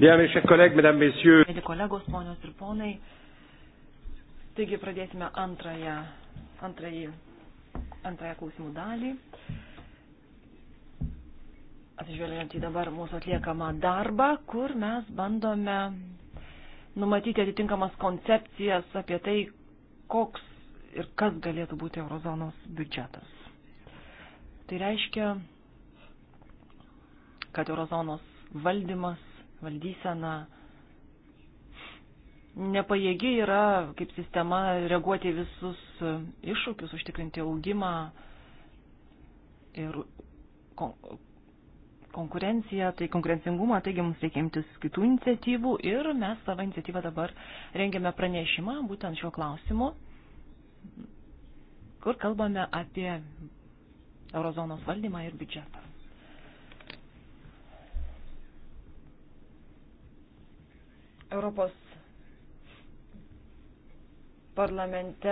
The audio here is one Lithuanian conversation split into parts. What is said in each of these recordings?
Bien, mes chers collègues, mesdames, messieurs. Mėly kolegos, ponios ir ponai, taigi pradėsime antrąją, antrąją, antrąją klausimų dalį. Atsižvelgiant į dabar mūsų atliekamą darbą, kur mes bandome numatyti atitinkamas koncepcijas apie tai, koks ir kas galėtų būti eurozonos biudžetas. Tai reiškia, kad eurozonos valdymas valdysena nepajėgi yra kaip sistema reaguoti visus iššūkius, užtikrinti augimą ir konkurenciją, tai konkurencingumą, taigi mums reikia imtis kitų iniciatyvų ir mes savo iniciatyvą dabar rengiame pranešimą būtent šiuo klausimu, kur kalbame apie eurozonos valdymą ir biudžetą. Europos parlamente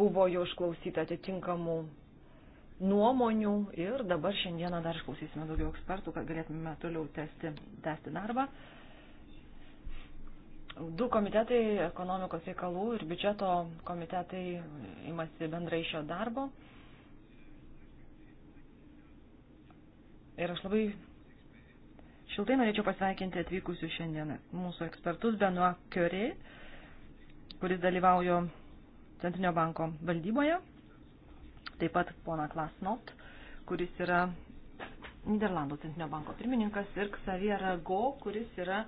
buvo jau išklausyta atitinkamų nuomonių ir dabar šiandieną dar išklausysime daugiau ekspertų, kad galėtume toliau tęsti, tęsti darbą. Du komitetai, ekonomikos reikalų ir biudžeto komitetai imasi bendrai šio darbo. Ir aš labai Šiltai norėčiau pasveikinti atvykusių šiandien mūsų ekspertus Benoit Curie, kuris dalyvaujo Centrinio banko valdyboje, taip pat pona Klasnot, kuris yra Niderlandų Centrinio banko pirmininkas ir Xavier Rago, kuris yra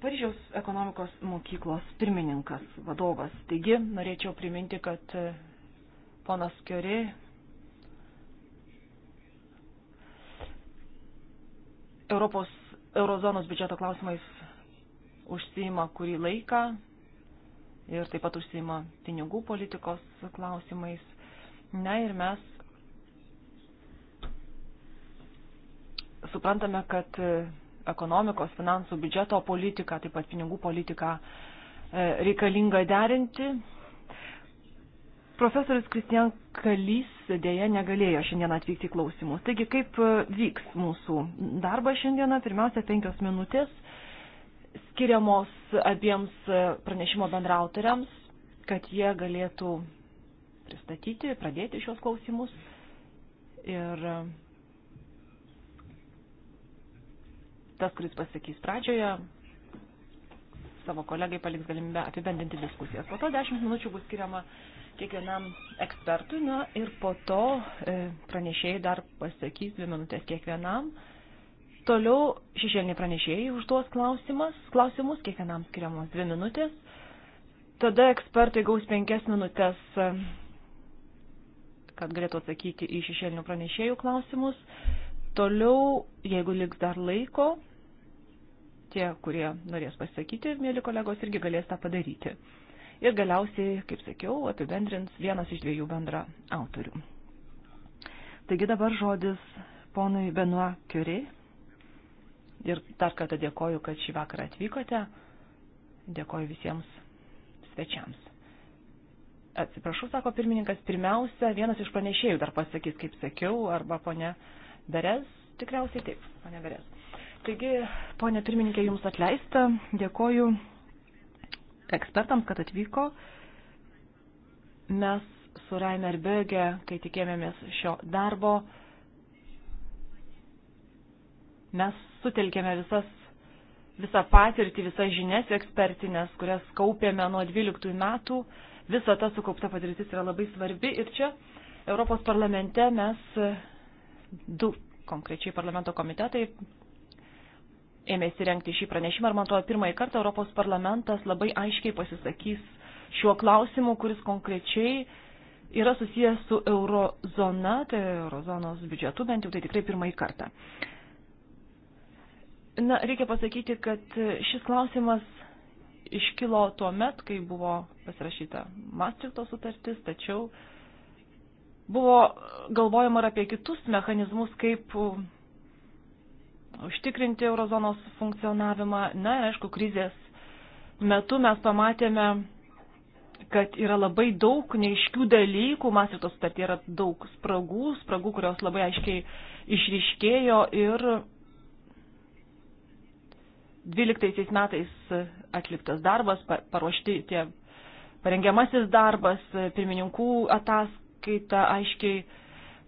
Paryžiaus ekonomikos mokyklos pirmininkas, vadovas. Taigi norėčiau priminti, kad ponas Kiori Europos eurozonos biudžeto klausimais užsima kurį laiką ir taip pat užsima pinigų politikos klausimais. Na ir mes suprantame, kad ekonomikos, finansų, biudžeto politiką, taip pat pinigų politiką e, reikalinga derinti Profesorius Kristian Kalys dėja negalėjo šiandien atvykti į klausimus. Taigi, kaip e, vyks mūsų darbas šiandieną? Pirmiausia, penkios minutės skiriamos abiems e, pranešimo bendrautoriams, kad jie galėtų pristatyti, pradėti šios klausimus. Ir e, tas, kuris pasakys pradžioje, savo kolegai paliks galimybę apibendinti diskusijas. Po to 10 minučių bus skiriama kiekvienam ekspertui, na ir po to e, pranešėjai dar pasakys dvi minutės kiekvienam. Toliau šešėliniai pranešėjai užduos klausimas, klausimus, kiekvienam skiriamos dvi minutės. Tada ekspertai gaus penkias minutės, e, kad galėtų atsakyti į šešėlinių pranešėjų klausimus. Toliau, jeigu liks dar laiko, tie, kurie norės pasakyti, mėly kolegos, irgi galės tą padaryti ir galiausiai, kaip sakiau, apibendrins vienas iš dviejų bendra autorių. Taigi dabar žodis ponui Benua Kiuri. Ir dar kartą dėkoju, kad šį vakarą atvykote. Dėkoju visiems svečiams. Atsiprašau, sako pirmininkas, pirmiausia, vienas iš pranešėjų dar pasakys, kaip sakiau, arba ponia Beres, tikriausiai taip, ponia Beres. Taigi, ponia pirmininkė, jums atleista, dėkoju ekspertams, kad atvyko. Mes su Rainer Böge, kai tikėjomės šio darbo, mes sutelkėme visas, visą patirtį, visas žinias ekspertinės, kurias kaupėme nuo 12 metų. Visa ta sukaupta patirtis yra labai svarbi ir čia Europos parlamente mes du konkrečiai parlamento komitetai ėmėsi renkti šį pranešimą ir man atrodo pirmąjį kartą Europos parlamentas labai aiškiai pasisakys šiuo klausimu, kuris konkrečiai yra susijęs su eurozona, tai eurozonos biudžetu, bent jau tai tikrai pirmąjį kartą. Na, reikia pasakyti, kad šis klausimas iškilo tuo met, kai buvo pasirašyta Maastrichto sutartis, tačiau buvo galvojama ir apie kitus mechanizmus, kaip užtikrinti eurozonos funkcionavimą. Na ir aišku, krizės metu mes pamatėme, kad yra labai daug neiškių dalykų, Mastrito sutartį yra daug spragų, spragų, kurios labai aiškiai išryškėjo ir 12 metais atliktas darbas, paruošti tie parengiamasis darbas, pirmininkų ataskaita aiškiai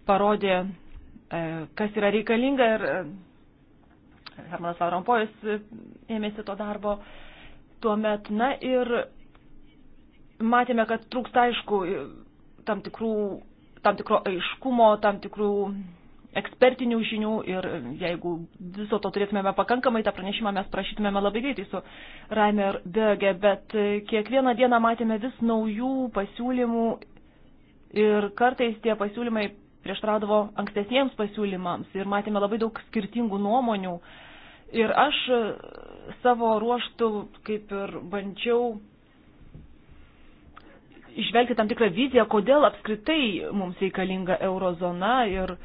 parodė, e, kas yra reikalinga ir Hermanas Varompojus e, ėmėsi to darbo tuo met. Na ir matėme, kad trūksta aišku e, tam, tikrų, tam tikro aiškumo, tam tikrų ekspertinių žinių ir jeigu viso to turėtumėme pakankamai, tą pranešimą mes prašytumėme labai greitai su Raimer Böge, bet e, kiekvieną dieną matėme vis naujų pasiūlymų ir kartais tie pasiūlymai prieštraudavo ankstesniems pasiūlymams ir matėme labai daug skirtingų nuomonių uh, Ir aš e, savo ruoštų kaip ir bandžiau išvelgti tam tikrą viziją, kodėl apskritai mums reikalinga eurozona ir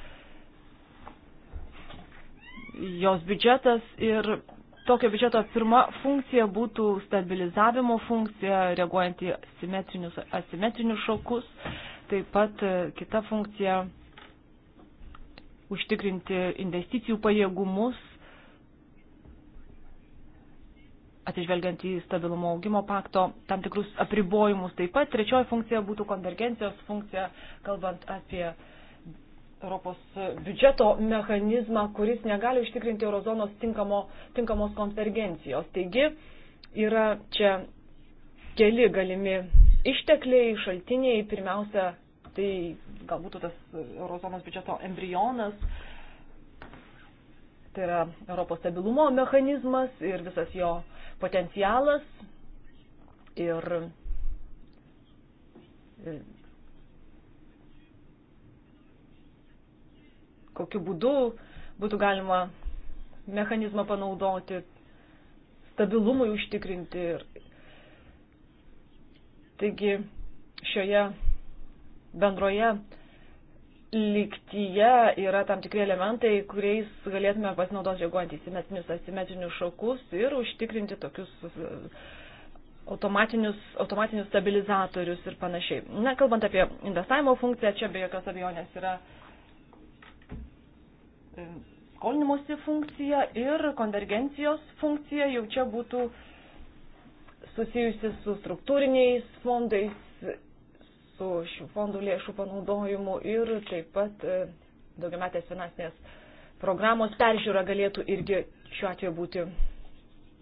jos biudžetas ir tokio biudžeto pirma funkcija būtų stabilizavimo funkcija, reaguojant į simetrinius, asimetrinius šokus, taip pat e, kita funkcija užtikrinti investicijų pajėgumus atsižvelgiant į stabilumo augimo pakto tam tikrus apribojimus. Taip pat trečioji funkcija būtų konvergencijos funkcija, kalbant apie Europos biudžeto mechanizmą, kuris negali užtikrinti eurozonos tinkamo, tinkamos konvergencijos. Taigi yra čia keli galimi ištekliai, šaltiniai. Pirmiausia, tai galbūt tas eurozonos biudžeto embrionas tai yra Europos stabilumo mechanizmas ir visas jo potencialas ir e, kokiu būdu būtų galima mechanizmą panaudoti, stabilumui užtikrinti. Taigi šioje bendroje lygtyje yra tam tikri elementai, kuriais galėtume pasinaudoti reaguojant į simetrinius, asimetrinius šokus ir užtikrinti tokius uh, automatinius, automatinius stabilizatorius ir panašiai. Na, kalbant apie investavimo funkciją, čia be jokios abejonės yra um, skolinimosi funkcija ir konvergencijos funkcija jau čia būtų susijusi su struktūriniais fondais su šių fondų lėšų panaudojimu ir taip pat e, daugiametės finansinės programos peržiūra galėtų irgi šiuo atveju būti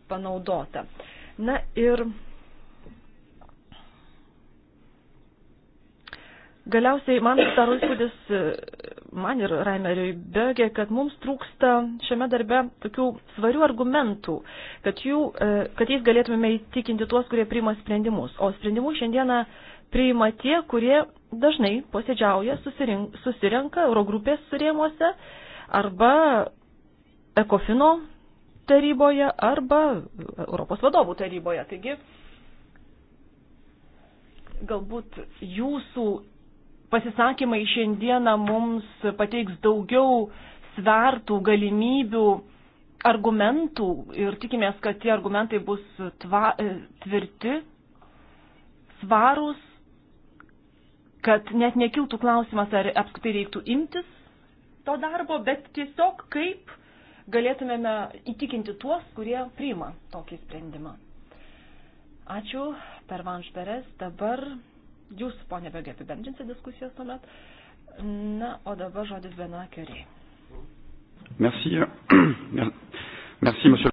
panaudota. Na ir galiausiai man daro įspūdis, e, man ir Raimeriui Bergė, kad mums trūksta šiame darbe tokių svarių argumentų, kad, jų, e, kad jais galėtumėme įtikinti tuos, kurie priima sprendimus. O sprendimus šiandieną uh, priima tie, kurie dažnai posėdžiauja, susirink, susirenka Eurogrupės rėmuose arba Ekofino taryboje arba Europos vadovų taryboje. Taigi, galbūt jūsų pasisakymai šiandieną mums pateiks daugiau svertų, galimybių, argumentų ir tikimės, kad tie argumentai bus tva, tvirti, svarūs kad net nekiltų klausimas, ar apskritai reiktų imtis to darbo, bet tiesiog kaip galėtumėme įtikinti tuos, kurie priima tokį sprendimą. Ačiū, Pervanš Beres. Dabar jūs, ponė Begė, apibendrinsite diskusijos tuomet. Na, o dabar žodis Bena Kiuriai. Merci. Merci, monsieur.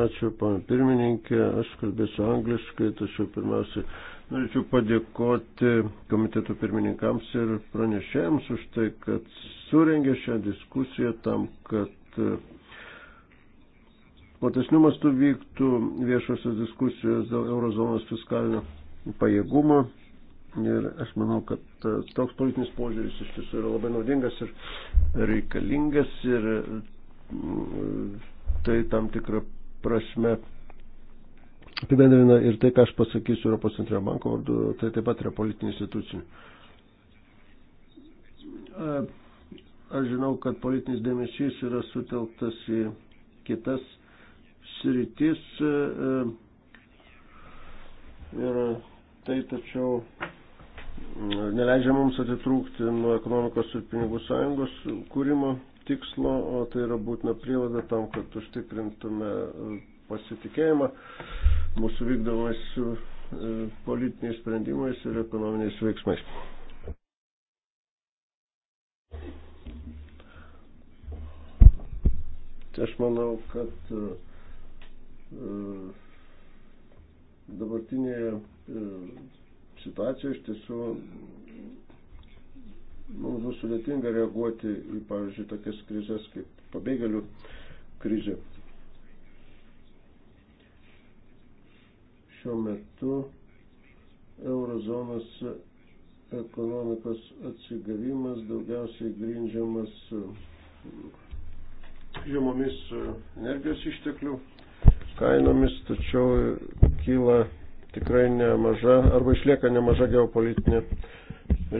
Ačiū, pana pirmininkė. Aš kalbėsiu angliškai, tačiau pirmiausiai Norėčiau padėkoti komiteto pirmininkams ir pranešėjams už tai, kad surengė šią diskusiją tam, kad e, platesnių mastų vyktų viešosios diskusijos dėl eurozonos fiskalinio pajėgumo. Ir aš manau, kad e, toks politinis požiūris iš tiesų yra labai naudingas ir reikalingas ir tai tam tikrą prasme apibendrina ir tai, ką aš pasakysiu Europos centrinio banko vardu, tai taip pat yra politinių institucijų. Aš žinau, kad politinis dėmesys yra sutelktas į kitas sritis e, e, ir tai tačiau e, neleidžia mums atitrūkti nuo ekonomikos ir pinigų sąjungos kūrimo tikslo, o tai yra būtina prievada tam, kad užtikrintume pasitikėjimą mūsų vykdomais e, politiniais sprendimais ir ekonominiais veiksmais. Tai aš manau, kad e, e, dabartinėje situacijoje iš tiesų mums bus sudėtinga reaguoti į, pavyzdžiui, tokias krizės kaip pabėgėlių krizė. šiuo metu eurozonos ekonomikos atsigavimas daugiausiai grindžiamas e, žemomis e, energijos išteklių kainomis, tačiau kyla tikrai nemaža arba išlieka nemaža geopolitinė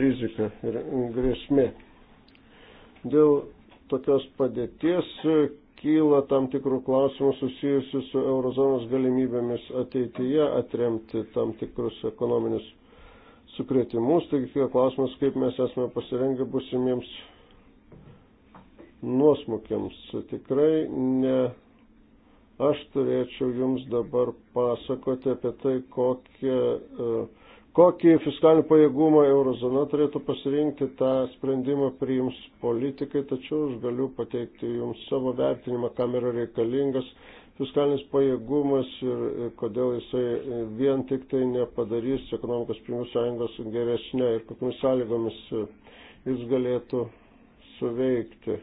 rizika ir grėsmė. Dėl tokios padėties kyla tam tikrų klausimų susijusių su eurozonos galimybėmis ateityje atremti tam tikrus ekonominius sukretimus. Taigi kyla klausimas, kaip mes esame pasirengę busimiems nuosmukiams. Tikrai ne aš turėčiau jums dabar pasakoti apie tai, kokie uh, Kokį fiskalinį pajėgumą eurozona turėtų pasirinkti, tą sprendimą priims politikai, tačiau aš galiu pateikti jums savo vertinimą, kam yra reikalingas fiskalinis pajėgumas ir kodėl jisai vien tik tai nepadarys ekonomikos pinigų sąjungos geresnė ir kokiamis sąlygomis jis galėtų suveikti.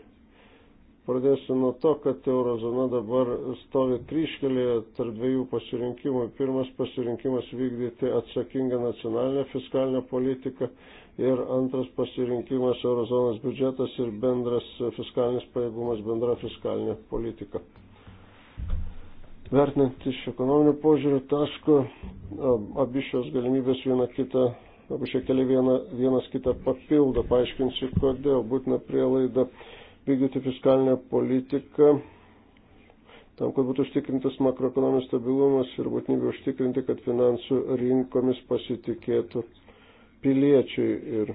Pradėsiu nuo to, kad eurozona dabar stovi kryškelėje tarp dviejų pasirinkimų. Pirmas pasirinkimas vykdyti atsakingą nacionalinę fiskalinę politiką ir antras pasirinkimas eurozonos biudžetas ir bendras fiskalinis pajėgumas, bendra fiskalinė politika. Vertinant iš ekonominio požiūrio taško, abi šios galimybės viena kitą abu šie keliai viena, vienas kitą papildo, paaiškinsiu, kodėl būtina prielaida vykdyti fiskalinę politiką tam, kad būtų užtikrintas makroekonominis stabilumas ir būtinybė užtikrinti, kad finansų rinkomis pasitikėtų piliečiai. Ir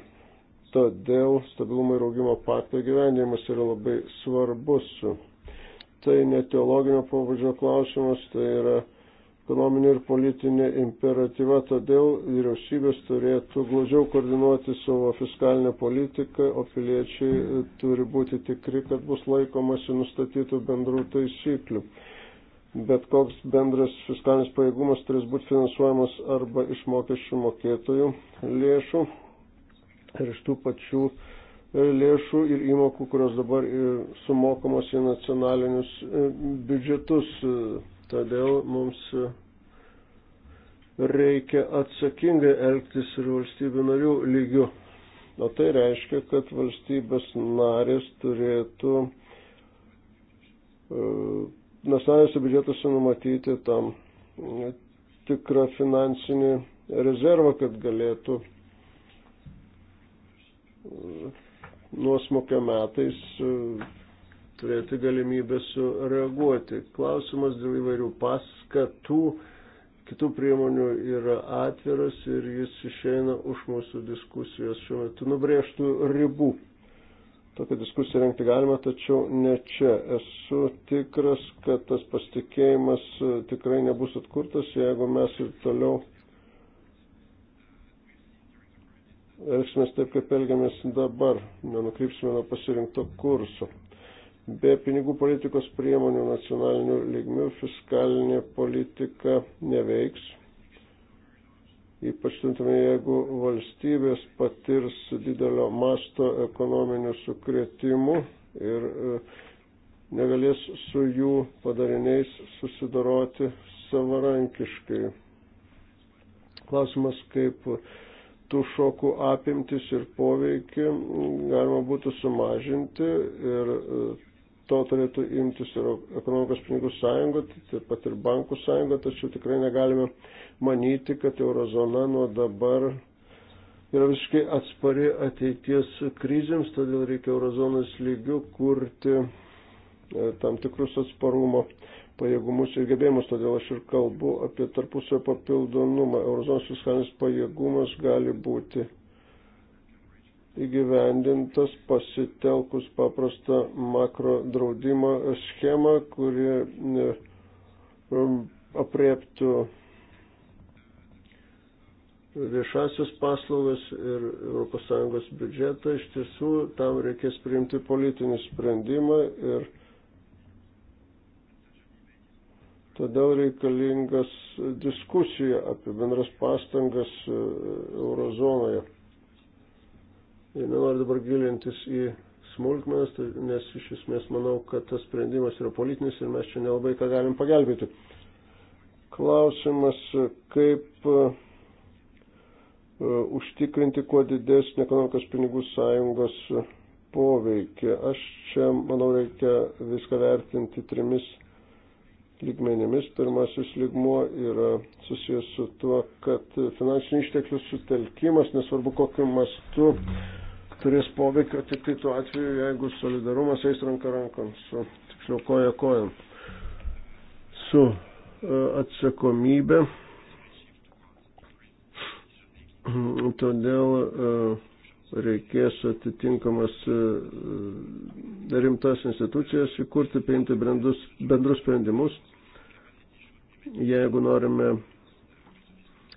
todėl stabilumo ir augimo pakto gyvenimas yra labai svarbus. Tai ne teologinio pobūdžio klausimas, tai yra ekonominį ir politinį imperatyvą, todėl vyriausybės turėtų glaudžiau koordinuoti savo fiskalinę politiką, o piliečiai e, turi būti tikri, kad bus laikomasi nustatytų bendrų taisyklių. Bet koks bendras fiskalinis pajėgumas turės būti finansuojamas arba iš mokesčių mokėtojų lėšų ir iš tų pačių e, lėšų ir įmokų, kurios dabar e, sumokamos į nacionalinius biudžetus Todėl mums reikia atsakingai elgtis ir valstybių narių lygių. O tai reiškia, kad valstybės narės turėtų e, nacionalinėse biudžetuose numatyti tam tikrą finansinį rezervą, kad galėtų e, nuosmokio metais e, turėti galimybę sureaguoti. Klausimas dėl įvairių paskatų, kitų priemonių yra atviras ir jis išeina už mūsų diskusijos šiuo metu nubrėžtų ribų. Tokią diskusiją rengti galima, tačiau ne čia. Esu tikras, kad tas pasitikėjimas tikrai nebus atkurtas, jeigu mes ir toliau elgsimės taip, kaip elgiamės dabar, nenukrypsime nuo pasirinkto kurso. Be pinigų politikos priemonių nacionalinių lygmių fiskalinė politika neveiks. Ypač tuntame, jeigu valstybės patirs didelio masto ekonominių sukretimų ir e, negalės su jų padariniais susidoroti savarankiškai. Klausimas, kaip tų šokų apimtis ir poveikį galima būtų sumažinti ir e, to turėtų imtis ir ekonomikos pinigų sąjunga, tai taip pat ir bankų sąjunga, tačiau tikrai negalime manyti, kad eurozona nuo dabar yra visiškai atspari ateities krizėms, todėl reikia eurozonos lygių kurti e, tam tikrus atsparumo pajėgumus ir gebėjimus, todėl aš ir kalbu apie tarpusio papildomumą. Eurozonos fiskalinis pajėgumas gali būti įgyvendintas pasitelkus paprastą makro draudimo schemą, kuri e, apriektų viešasios paslaugas ir ES biudžetą. Iš tiesų, tam reikės priimti politinį sprendimą ir todėl reikalingas diskusija apie bendras pastangas e, eurozonoje. Nenoriu dabar gilintis į smulkmenas, tai nes iš esmės manau, kad tas sprendimas yra politinis ir mes čia nelabai ką galim pagelbėti. Klausimas, kaip e, užtikrinti kuo didesnį ekonomikos pinigų sąjungos poveikį. Aš čia, manau, reikia viską vertinti trimis lygmenimis. Pirmasis lygmuo yra susijęs su tuo, kad finansinių išteklių sutelkimas, nesvarbu kokiu mastu, turės poveikio tik tai tuo atveju, jeigu solidarumas eis ranka rankon, su, tiksliau, koja kojam, su e, atsakomybė. Todėl e, reikės atitinkamas e, rimtas institucijas įkurti, priimti bendrus, bendrus sprendimus. Jeigu norime,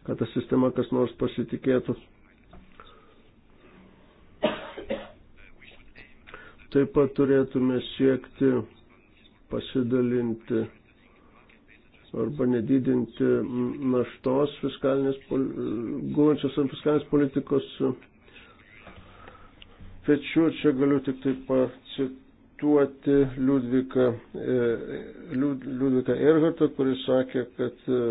kad ta sistema kas nors pasitikėtų Taip pat turėtume siekti pasidalinti arba nedidinti naštos fiskalinės, gulančios ant fiskalinės politikos pečių. Čia galiu tik taip pacituoti Liudviką, e, Liudviką Erhartą, kuris sakė, kad e,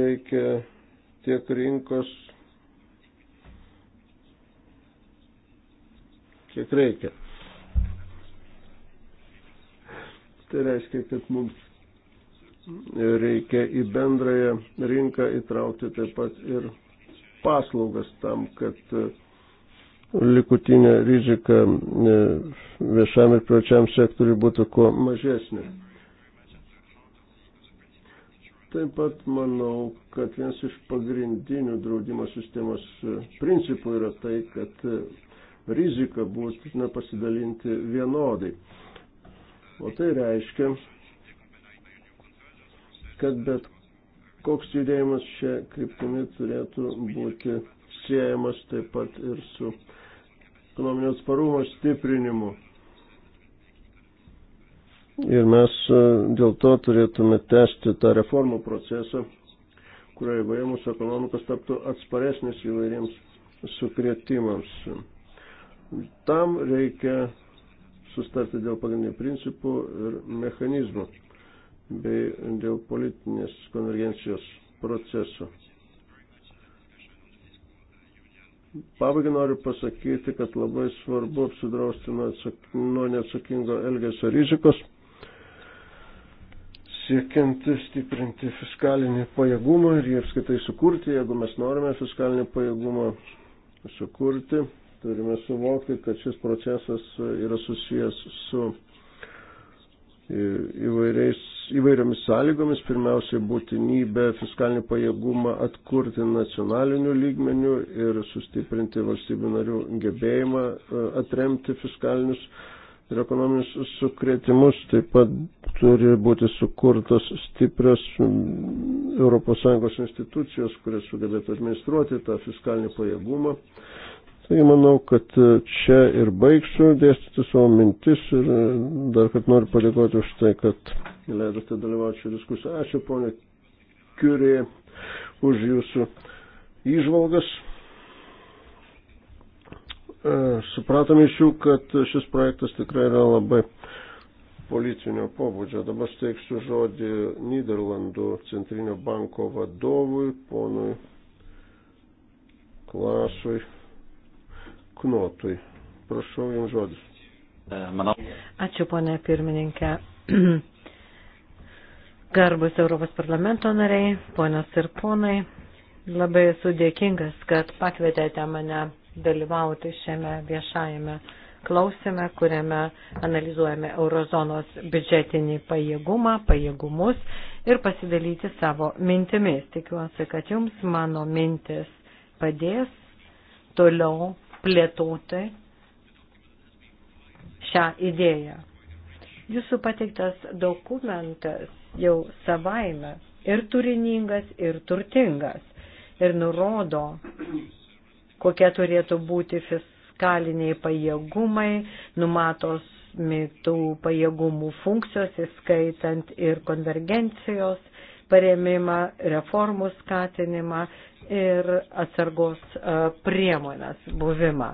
reikia tiek rinkos kiek reikia. Tai reiškia, kad mums reikia į bendrąją rinką įtraukti taip pat ir paslaugas tam, kad e, likutinė rizika e, viešam ir privačiam sektoriui būtų kuo mažesnė. Taip pat manau, kad vienas iš pagrindinių draudimo sistemos e, principų yra tai, kad rizika būtina pasidalinti vienodai. O tai reiškia, kad bet koks judėjimas čia kryptimi turėtų būti siejamas taip pat ir su ekonominio atsparumo stiprinimu. Ir mes e, dėl to turėtume tęsti tą reformų procesą, kurioje mūsų ekonomikos taptų atsparesnis įvairiems sukretimams. Tam reikia sustarti dėl pagrindinių principų ir mechanizmų bei dėl politinės konvergencijos proceso. Pabaigai noriu pasakyti, kad labai svarbu apsidrausti nuo, atsak... nuo neatsakingo elgesio rizikos, siekiant stiprinti fiskalinį pajėgumą ir jį apskaitai sukurti, jeigu mes norime fiskalinį pajėgumą sukurti Turime suvokti, kad šis procesas yra susijęs su įvairiais, įvairiomis sąlygomis, pirmiausiai būtinybė fiskalinį pajėgumą atkurti nacionaliniu lygmeniu ir sustiprinti valstybių narių gebėjimą e, atremti fiskalinius ir ekonominius sukretimus, taip pat turi būti sukurtos stiprios ES institucijos, kurias sugebėtų administruoti tą fiskalinį pajėgumą. Taigi manau, kad e, čia ir baigsiu dėstyti savo mintis ir e, dar kad noriu padėkoti už tai, kad leidote dalyvauti šią diskusiją. Ačiū, ponė Kiurė, už jūsų įžvalgas. E, supratome iš jų, kad šis projektas tikrai yra labai politinio pobūdžio. Dabar steiksiu žodį Niderlandų centrinio banko vadovui, ponui Klasui. Knotui. Prašau, jums žodis. E, manau. Ačiū, ponė pirmininkė. Garbus Europos parlamento nariai, ponios ir ponai, labai esu dėkingas, kad pakvietėte mane dalyvauti šiame viešajame klausime, kuriame analizuojame eurozonos biudžetinį pajėgumą, pajėgumus ir pasidalyti savo mintimis. Tikiuosi, kad jums mano mintis padės toliau plėtoti šią idėją. Jūsų pateiktas dokumentas jau savaime ir turiningas, ir turtingas ir nurodo, kokie turėtų būti fiskaliniai pajėgumai, numatos tų pajėgumų funkcijos, įskaitant ir konvergencijos paremimą, reformų skatinimą ir atsargos e, priemonės buvimą.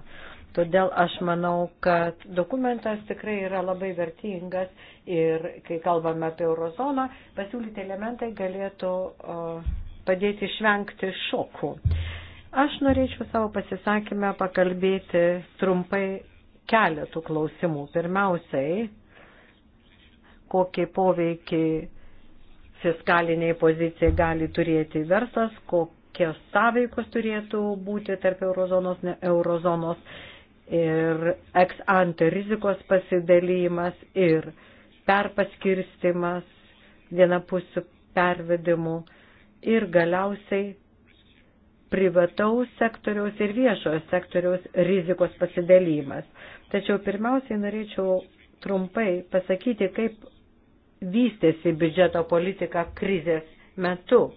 Todėl aš manau, kad dokumentas tikrai yra labai vertingas ir kai kalbame apie eurozoną, pasiūlyti elementai galėtų e, padėti išvengti šokų. Aš norėčiau savo pasisakymę pakalbėti trumpai keletų klausimų. Pirmiausiai, kokį poveikį fiskaliniai pozicijai gali turėti verslas, kokį kokios sąveikos turėtų būti tarp eurozonos, ne eurozonos ir ex ante rizikos pasidalymas ir perpaskirstimas vienapusių pervedimų ir galiausiai privataus sektoriaus ir viešojo sektoriaus rizikos pasidalymas. Tačiau pirmiausiai norėčiau trumpai pasakyti, kaip vystėsi biudžeto politika krizės metu.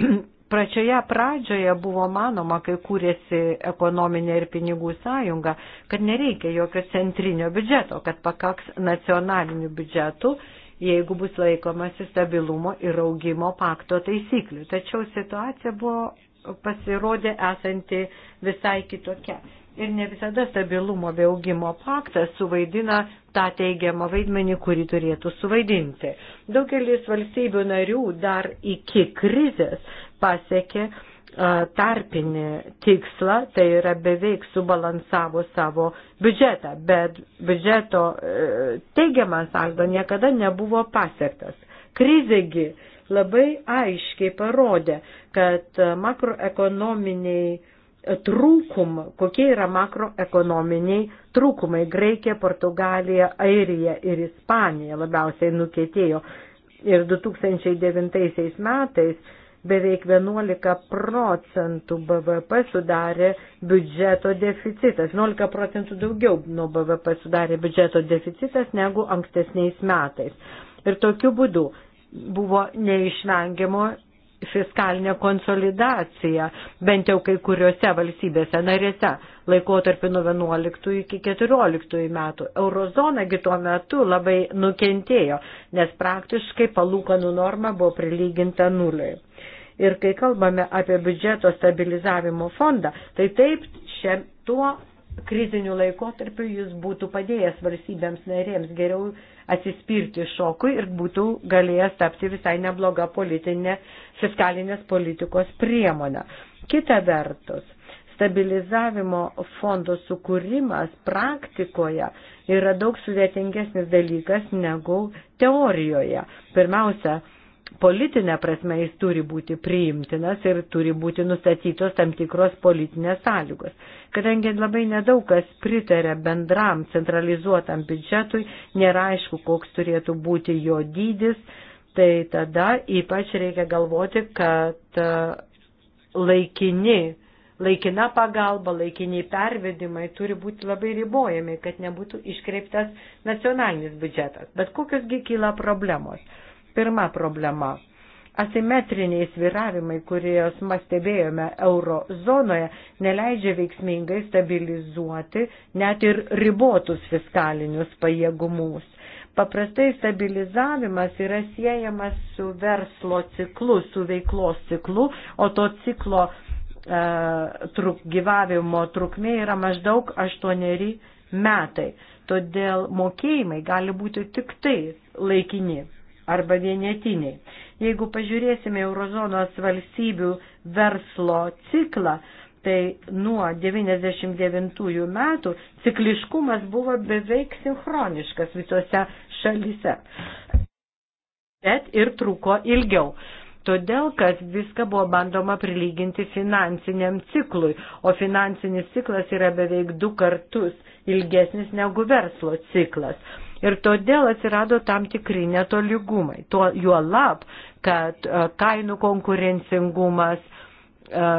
Pračioje pradžioje buvo manoma, kai kūrėsi ekonominė ir pinigų sąjunga, kad nereikia jokio centrinio biudžeto, kad pakaks nacionalinių biudžetų, jeigu bus laikomasi stabilumo ir augimo pakto taisyklių. Tačiau situacija buvo pasirodė esanti visai kitokia ir ne visada stabilumo bei augimo paktas suvaidina tą teigiamą vaidmenį, kurį turėtų suvaidinti. Daugelis valstybių narių dar iki krizės pasiekė tarpinį tikslą, tai yra beveik subalansavo savo biudžetą, bet biudžeto e, teigiamas saldo niekada nebuvo pasiektas. Krizėgi labai aiškiai parodė, kad makroekonominiai trūkumų, kokie yra makroekonominiai trūkumai. Graikija, Portugalija, Airija ir Ispanija labiausiai nukėtėjo. Ir 2009 metais beveik 11 procentų BVP sudarė biudžeto deficitas. 11 procentų daugiau nuo BVP sudarė biudžeto deficitas negu ankstesniais metais. Ir tokiu būdu buvo neišvengiamo fiskalinę konsolidaciją, bent jau kai kuriuose valstybėse narėse, laikotarpiu nuo 11 iki 14 metų. Eurozonagi tuo metu labai nukentėjo, nes praktiškai palūkanų norma buvo prilyginta nuliui. Ir kai kalbame apie biudžeto stabilizavimo fondą, tai taip čia tuo kriziniu laikotarpiu jis būtų padėjęs valstybėms narėms geriau atsispirti šokui ir būtų galėjęs tapti visai nebloga politinė fiskalinės politikos priemonė. Kita vertus, stabilizavimo fondo sukūrimas praktikoje yra daug sudėtingesnis dalykas negu teorijoje. Pirmiausia, politinė prasme jis turi būti priimtinas ir turi būti nustatytos tam tikros politinės sąlygos. Kadangi labai nedaug kas pritarė bendram centralizuotam biudžetui, nėra aišku, koks turėtų būti jo dydis, tai tada ypač reikia galvoti, kad e, laikini, laikina pagalba, laikiniai pervedimai turi būti labai ribojami, kad nebūtų iškreiptas nacionalinis biudžetas. Bet kokiosgi kyla problemos? Pirma problema asimetriniai sviravimai, kuriuos mes stebėjome euro zonoje, neleidžia veiksmingai stabilizuoti net ir ribotus fiskalinius pajėgumus. Paprastai stabilizavimas yra siejamas su verslo ciklu, su veiklos ciklu, o to ciklo e, truk, gyvavimo trukmė yra maždaug 8 metai. Todėl mokėjimai gali būti tik tai laikini arba vienetiniai. Jeigu pažiūrėsime eurozonos valstybių verslo ciklą, tai nuo 99 metų cikliškumas buvo beveik sinchroniškas visose šalise. Bet ir truko ilgiau. Todėl, kad viską buvo bandoma prilyginti finansiniam ciklui, o finansinis ciklas yra beveik du kartus ilgesnis negu verslo ciklas. Ir todėl atsirado tam tikri netolygumai. Tuo juolab, kad e, kainų konkurencingumas, e,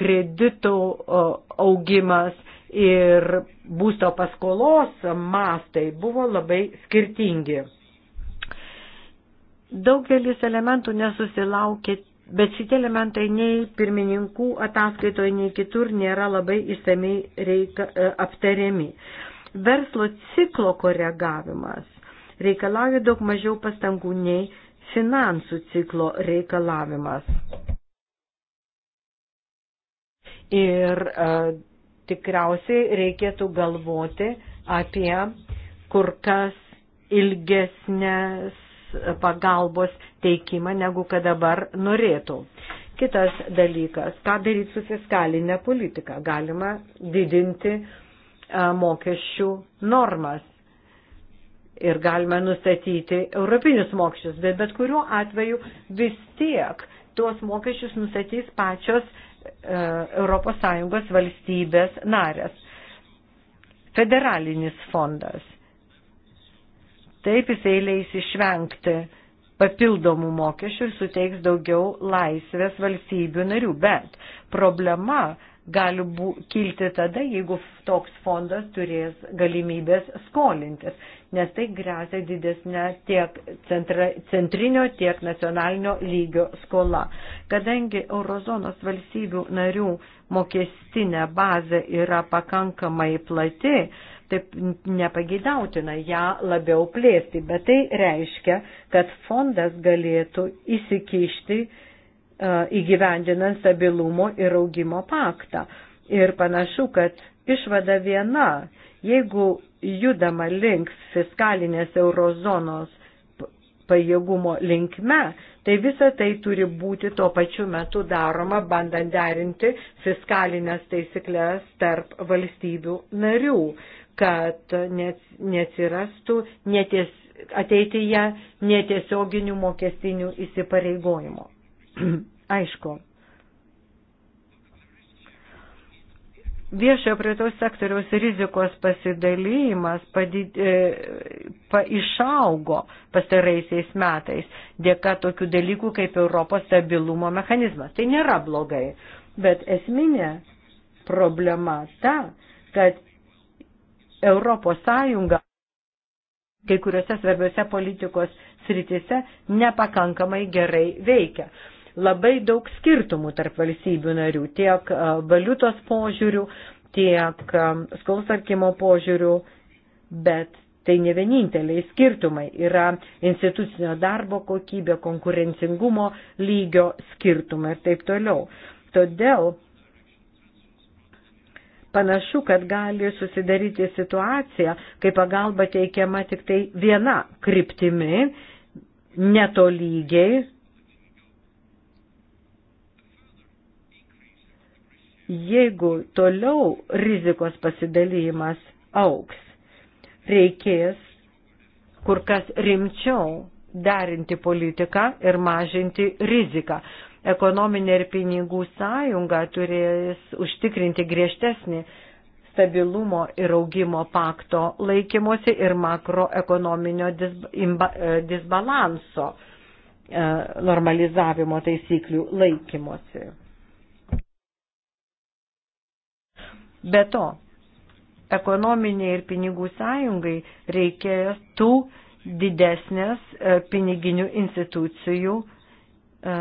kreditų e, augimas ir būsto paskolos mastai buvo labai skirtingi. Daugelis elementų nesusilaukė, bet šitie elementai nei pirmininkų ataskaitoje, nei kitur nėra labai įsamei reika, aptariami verslo ciklo koregavimas reikalauja daug mažiau pastangų nei finansų ciklo reikalavimas. Ir e, tikriausiai reikėtų galvoti apie kur kas ilgesnės pagalbos teikimą, negu kad dabar norėtų. Kitas dalykas, ką daryti su fiskalinė politika? Galima didinti uh, E, mokesčių normas. Ir galime nustatyti europinius mokesčius, bet bet kuriuo atveju vis tiek tuos mokesčius nustatys pačios ES valstybės narės. Federalinis fondas. Taip jisai leis išvengti papildomų mokesčių ir suteiks daugiau laisvės valstybių narių. Bet problema gali bū, kilti tada, jeigu toks fondas turės galimybės skolintis, nes tai grėsia didesnė tiek centra, centrinio, tiek nacionalinio lygio skola. Kadangi eurozonos valstybių narių mokestinė bazė yra pakankamai plati, taip nepagidautina ją labiau plėsti, bet tai reiškia, kad fondas galėtų įsikišti E, įgyvendinant stabilumo ir augimo paktą. Ir panašu, kad išvada viena, jeigu judama link fiskalinės eurozonos pajėgumo linkme, tai visa tai turi būti tuo pačiu metu daroma, bandant derinti fiskalinės taisyklės tarp valstybių narių, kad neatsirastų neties, ateityje netiesioginių mokestinių įsipareigojimų. aišku. Viešojo privataus sektoriaus rizikos pasidalymas padid, e, pa, išaugo pastaraisiais metais dėka tokių dalykų kaip Europos stabilumo mechanizmas. Tai nėra blogai, bet esminė problema ta, kad Europos Sąjunga kai kuriuose svarbiose politikos sritise nepakankamai gerai veikia labai daug skirtumų tarp valstybių narių, tiek e, valiutos požiūrių, tiek e, skolsarkimo požiūrių, bet tai ne vieninteliai skirtumai, yra institucinio darbo kokybė, konkurencingumo lygio skirtumai ir taip toliau. Todėl panašu, kad gali susidaryti situacija, kai pagalba teikiama tik tai viena kryptimi, netolygiai jeigu toliau rizikos pasidalymas auks, reikės kur kas rimčiau derinti politiką ir mažinti riziką. Ekonominė ir pinigų sąjunga turės užtikrinti griežtesnį stabilumo ir augimo pakto laikymosi ir makroekonominio e, disbalanso e, normalizavimo taisyklių laikymosi. Be to, ekonominė ir pinigų sąjungai reikėjo tų didesnės e, piniginių institucijų e,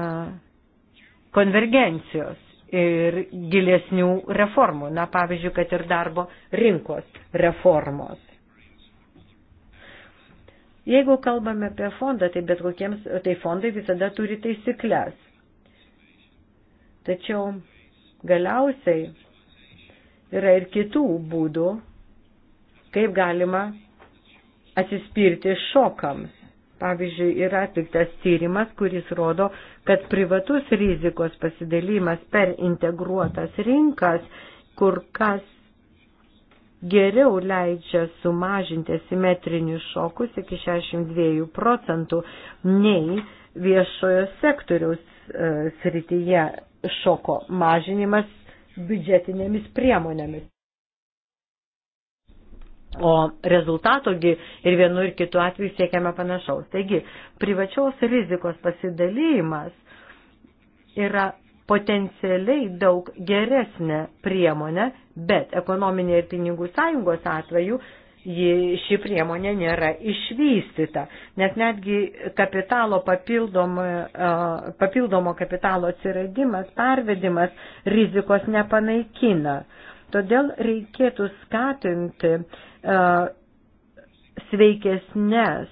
konvergencijos ir gilesnių reformų, na pavyzdžiui, kad ir darbo rinkos reformos. Jeigu kalbame apie fondą, tai bet kokiems, tai fondai visada turi taisyklės. Tačiau galiausiai Yra ir kitų būdų, kaip galima atsispirti šokams. Pavyzdžiui, yra atliktas tyrimas, kuris rodo, kad privatus rizikos pasidalymas per integruotas rinkas kur kas geriau leidžia sumažinti asimetrinius šokus iki 62 procentų nei viešojo sektoriaus e, srityje šoko mažinimas biudžetinėmis priemonėmis. O rezultatogi ir vienu ir kitu atveju siekiame panašaus. Taigi, privačios rizikos pasidalymas yra potencialiai daug geresnė priemonė, bet ekonominė ir pinigų sąjungos atveju ji, ši priemonė nėra išvystyta, nes netgi kapitalo papildomo, e, papildomo kapitalo atsiradimas, pervedimas rizikos nepanaikina. Todėl reikėtų skatinti uh, e, sveikesnės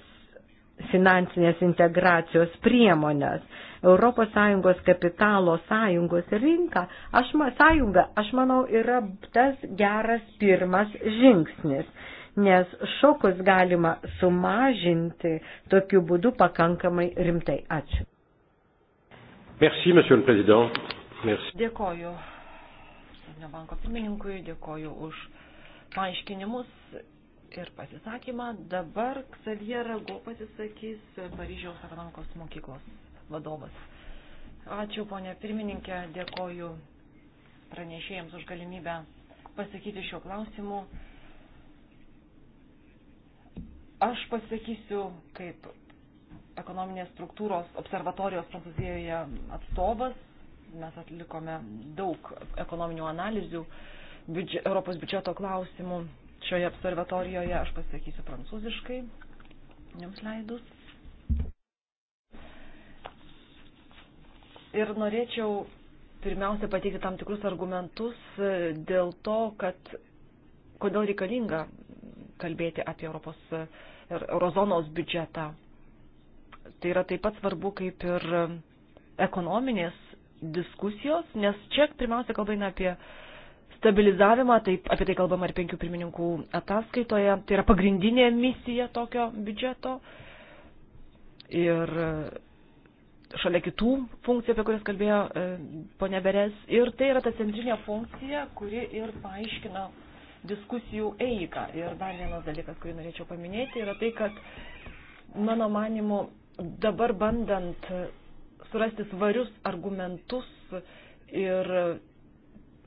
finansinės integracijos priemonės. ES kapitalo sąjungos rinka, aš, sąjunga, aš manau, yra tas geras pirmas žingsnis nes šokus galima sumažinti tokiu būdu pakankamai rimtai. Ačiū. Merci, Monsieur le Président. Merci. Dėkoju. Centrinio banko pirmininkui, dėkoju už paaiškinimus ir pasisakymą. Dabar Xavier Rago pasisakys Paryžiaus ekonomikos mokyklos vadovas. Ačiū, ponė pirmininkė, dėkoju pranešėjams už galimybę pasakyti šiuo klausimu. Aš pasakysiu kaip ekonominės struktūros observatorijos Prancūzijoje atstovas. Mes atlikome daug ekonominių analizių biudžet, Europos biudžeto klausimų. Šioje observatorijoje aš pasakysiu prancūziškai, jums leidus. Ir norėčiau pirmiausia pateikti tam tikrus argumentus dėl to, kad kodėl reikalinga kalbėti apie Europos biudžetą ir eurozonos biudžetą. Tai yra taip pat svarbu kaip ir ekonominės diskusijos, nes čia pirmiausia kalba eina apie stabilizavimą, taip, apie tai kalbama ir penkių pirmininkų ataskaitoje, tai yra pagrindinė misija tokio biudžeto. Ir šalia kitų funkcijų, apie kurias kalbėjo e, ponia Beres. Ir tai yra ta centrinė funkcija, kuri ir paaiškina diskusijų eigą. Ir dar vienas dalykas, kurį norėčiau paminėti, yra tai, kad mano manimu dabar bandant surasti svarius argumentus ir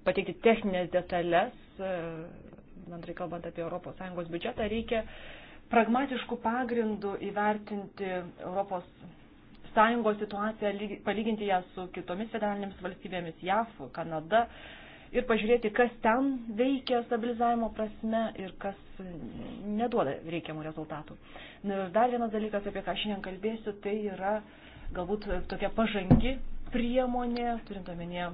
pateikti techninės detalės, bendrai kalbant apie ES biudžetą, reikia pragmatiškų pagrindų įvertinti ES sąjungos situaciją, palyginti ją su kitomis federalinėmis valstybėmis JAF, Kanada, ir pažiūrėti, kas ten veikia stabilizavimo prasme ir kas neduoda reikiamų rezultatų. Na ir dar vienas dalykas, apie ką šiandien kalbėsiu, tai yra galbūt tokia pažangi priemonė, turint omenyje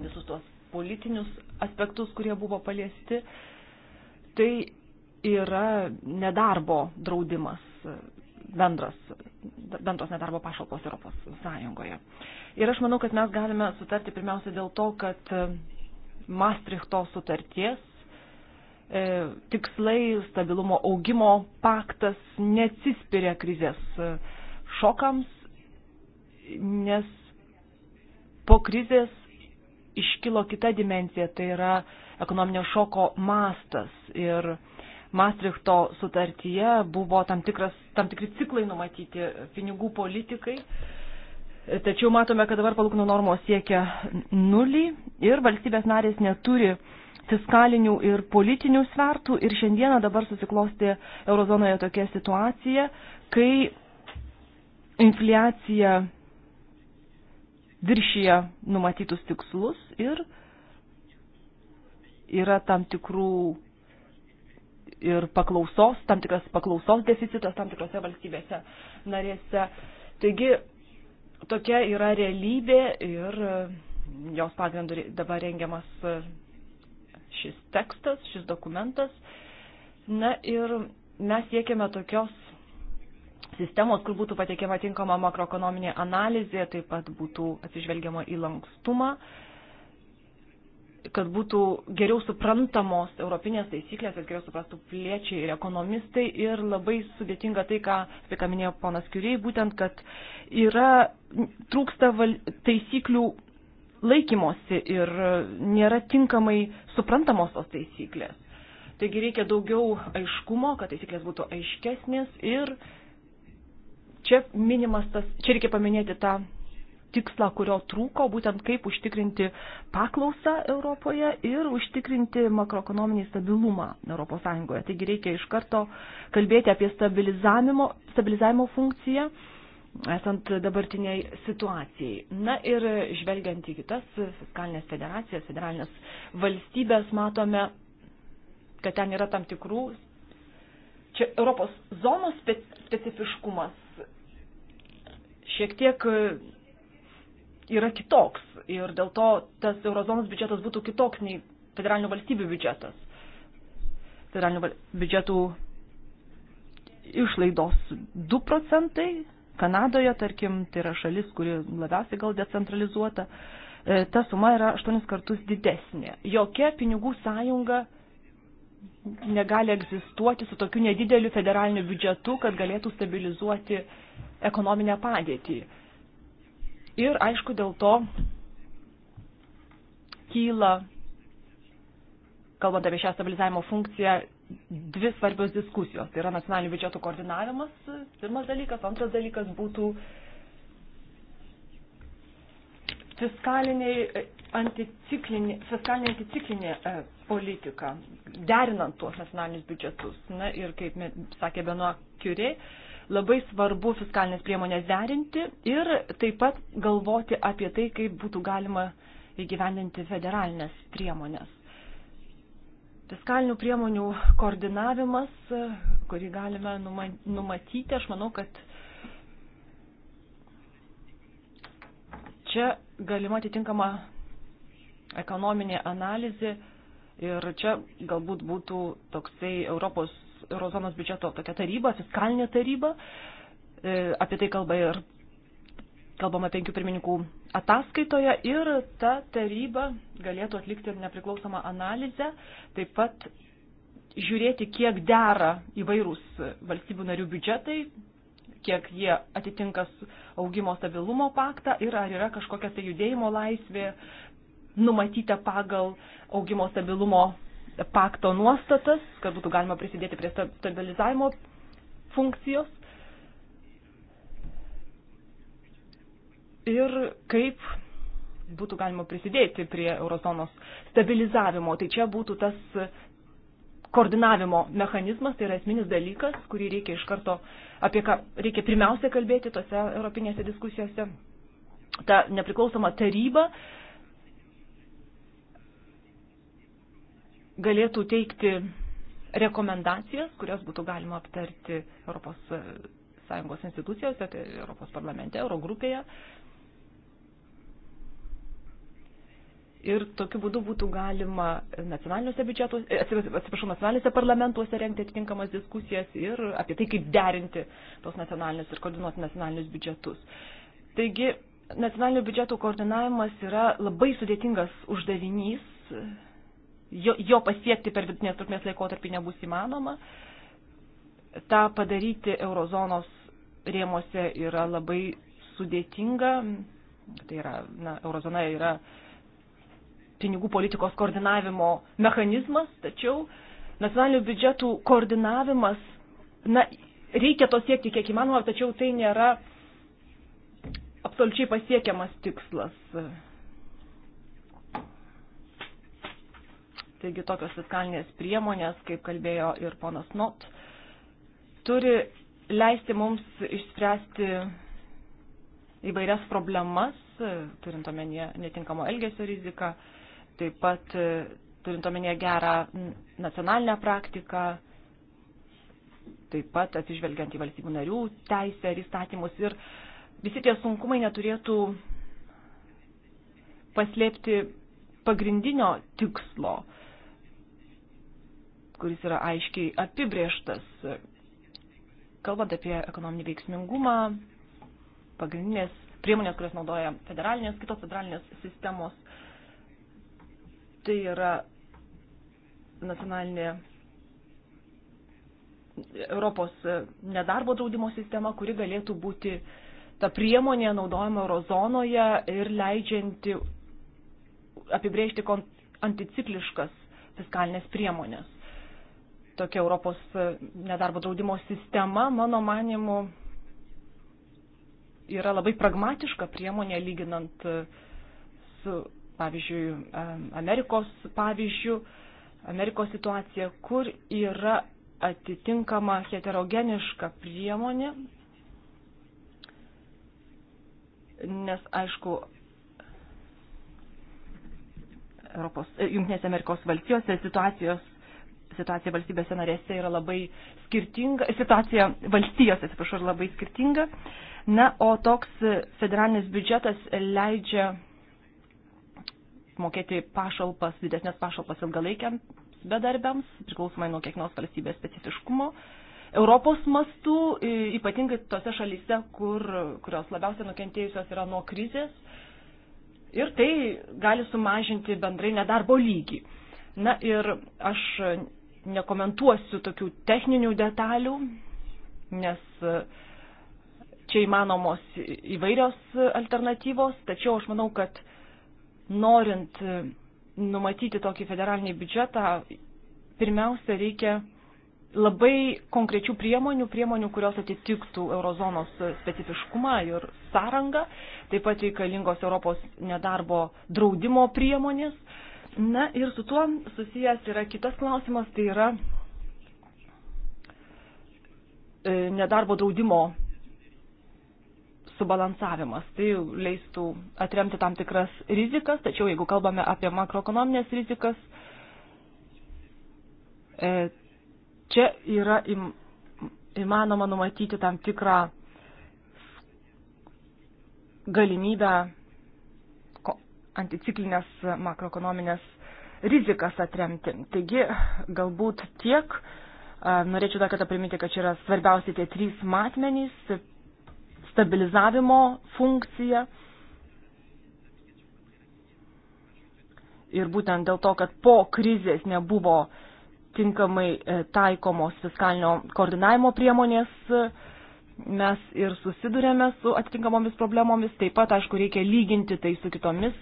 visus tuos politinius aspektus, kurie buvo paliesti, tai yra nedarbo draudimas bendras, bendros nedarbo pašalpos Europos Sąjungoje. Ir aš manau, kad mes galime sutarti pirmiausia dėl to, kad e, Maastrichto sutarties e, tikslai stabilumo augimo paktas neatsispiria krizės e, šokams, nes po krizės iškilo kita dimencija, tai yra ekonominio šoko mastas ir Maastrichto sutartyje buvo tam, tikras, tam tikri ciklai numatyti pinigų politikai. Tačiau matome, kad dabar palūkanų normos siekia nulį ir valstybės narės neturi fiskalinių ir politinių svertų ir šiandieną dabar susiklosti eurozonoje tokia situacija, kai infliacija viršyje numatytus tikslus ir yra tam tikrų ir paklausos, tam tikras paklausos deficitas tam tikrose valstybėse narėse. Taigi tokia yra realybė ir e, jos pagrindu dabar rengiamas e, šis tekstas, šis dokumentas. Na ir mes siekiame tokios sistemos, kur būtų pateikiama tinkama makroekonominė analizė, taip pat būtų atsižvelgiama į lankstumą kad būtų geriau suprantamos europinės taisyklės, kad geriau suprastų piliečiai ir ekonomistai. Ir labai sudėtinga tai, ką, apie ką minėjo ponas Kiuriai, būtent, kad yra, trūksta val, taisyklių laikymosi ir nėra tinkamai suprantamos tos taisyklės. Taigi reikia daugiau aiškumo, kad taisyklės būtų aiškesnės ir čia minimas tas, čia reikia paminėti tą tikslą, kurio trūko, būtent kaip užtikrinti paklausą Europoje ir užtikrinti makroekonominį stabilumą ES. Taigi reikia iš karto kalbėti apie stabilizavimo, stabilizavimo funkciją, esant dabartiniai situacijai. Na ir žvelgiant į kitas fiskalinės federacijas, federalinės valstybės, matome, kad ten yra tam tikrų. Čia Europos zonos specifiškumas šiek tiek yra kitoks ir dėl to tas eurozonos biudžetas būtų kitoks nei federalinių valstybių biudžetas. Federalinių biudžetų išlaidos 2 procentai, Kanadoje, tarkim, tai yra šalis, kuri labiausiai gal decentralizuota, e, ta suma yra 8 kartus didesnė. Jokia pinigų sąjunga negali egzistuoti su tokiu nedideliu federaliniu biudžetu, kad galėtų stabilizuoti ekonominę padėtį. Ir aišku, dėl to kyla, kalbant apie šią stabilizavimo funkciją, dvi svarbios diskusijos. Tai yra nacionalinių biudžetų koordinavimas, pirmas dalykas, antras dalykas būtų fiskaliniai anticiklinė, fiskalinė anticiklinė e, politika, derinant tuos nacionalinius biudžetus. Na ir kaip sakė Beno Kiurė, e, labai svarbu fiskalinės priemonės derinti ir taip pat galvoti apie tai, kaip būtų galima įgyvendinti federalinės priemonės. Fiskalinių priemonių koordinavimas, kurį galime numatyti, aš manau, kad čia galima atitinkama ekonominė analizė ir čia galbūt būtų toksai Europos Eurozonos biudžeto tokia taryba, fiskalinė taryba. E, apie tai kalba ir kalbama penkių pirmininkų ataskaitoje ir ta taryba galėtų atlikti ir nepriklausomą analizę, taip pat žiūrėti, kiek dera įvairūs valstybių narių biudžetai, kiek jie atitinka augimo stabilumo paktą ir ar yra kažkokia tai judėjimo laisvė numatyta pagal augimo stabilumo pakto nuostatas, kad būtų galima prisidėti prie stabilizavimo funkcijos. Ir kaip būtų galima prisidėti prie eurozonos stabilizavimo. Tai čia būtų tas koordinavimo mechanizmas, tai yra esminis dalykas, kurį reikia iš karto, apie ką reikia pirmiausia kalbėti tose europinėse diskusijose. Ta nepriklausoma taryba, uh, galėtų teikti rekomendacijas, kurias būtų galima aptarti ES e, institucijose, tai Europos parlamente, Eurogrupėje. Ir tokiu būdu būtų galima nacionaliniuose biudžetuose, atsiprašau, nacionaliniuose parlamentuose rengti atitinkamas diskusijas ir apie tai, kaip derinti tos nacionalinius ir koordinuoti nacionalinius biudžetus. Taigi, nacionalinių biudžetų koordinavimas yra labai sudėtingas uždavinys jo, jo pasiekti per vidutinės trukmės laikotarpį nebus įmanoma. Ta padaryti eurozonos rėmose yra labai sudėtinga. Tai yra, na, eurozona yra pinigų politikos koordinavimo mechanizmas, tačiau nacionalinių biudžetų koordinavimas, na, reikia to siekti kiek įmanoma, tačiau tai nėra absoliučiai pasiekiamas tikslas Taigi tokios fiskalinės priemonės, kaip kalbėjo ir ponas Not, turi leisti mums išspręsti įvairias problemas, turint omenyje netinkamo elgesio riziką, taip pat turint omenyje gerą nacionalinę praktiką, taip pat atsižvelgiant į valstybių narių teisę ir įstatymus. Ir visi tie sunkumai neturėtų paslėpti pagrindinio tikslo kuris yra aiškiai apibrieštas. Kalbant apie ekonominį veiksmingumą, pagrindinės priemonės, kurias naudoja federalinės, kitos federalinės sistemos, tai yra nacionalinė Europos nedarbo draudimo sistema, kuri galėtų būti ta priemonė naudojama eurozonoje ir leidžianti apibrėžti anticikliškas fiskalinės priemonės tokia Europos e, nedarbo draudimo sistema, mano manimu, yra labai pragmatiška priemonė lyginant e, su, pavyzdžiui, Amerikos pavyzdžiu, Amerikos situacija, kur yra atitinkama heterogeniška priemonė, nes, aišku, Europos, e, Junktinės Amerikos valstijose situacijos situacija valstybėse narėse yra labai skirtinga, situacija valstijose, atsiprašau, yra labai skirtinga. Na, o toks federalinis biudžetas leidžia mokėti pašalpas, didesnės pašalpas ilgalaikiams bedarbiams, priklausomai nuo kiekvienos valstybės specifiškumo. Europos mastų, ypatingai tose šalyse, kur, kurios labiausiai nukentėjusios yra nuo krizės, ir tai gali sumažinti bendrai nedarbo lygį. Na ir aš nekomentuosiu tokių techninių detalių, nes e, čia įmanomos įvairios alternatyvos, tačiau aš manau, kad norint e, numatyti tokį federalinį biudžetą, pirmiausia, reikia labai konkrečių priemonių, priemonių, kurios atitiktų eurozonos specifiškumą ir sąrangą, taip pat reikalingos Europos nedarbo draudimo priemonės, Na ir su tuo susijęs yra kitas klausimas, tai yra e, nedarbo draudimo subalansavimas. Tai leistų atremti tam tikras rizikas, tačiau jeigu kalbame apie makroekonominės rizikas, e, čia yra įmanoma numatyti tam tikrą galimybę anticiklinės makroekonominės rizikas atremti. Taigi, galbūt tiek. Norėčiau dar kartą priminti, kad čia yra svarbiausiai tie trys matmenys - stabilizavimo funkcija. Ir būtent dėl to, kad po krizės nebuvo tinkamai e, taikomos fiskalinio koordinavimo priemonės, e, mes ir susidurėme su atitinkamomis problemomis. Taip pat, aišku, reikia lyginti tai su kitomis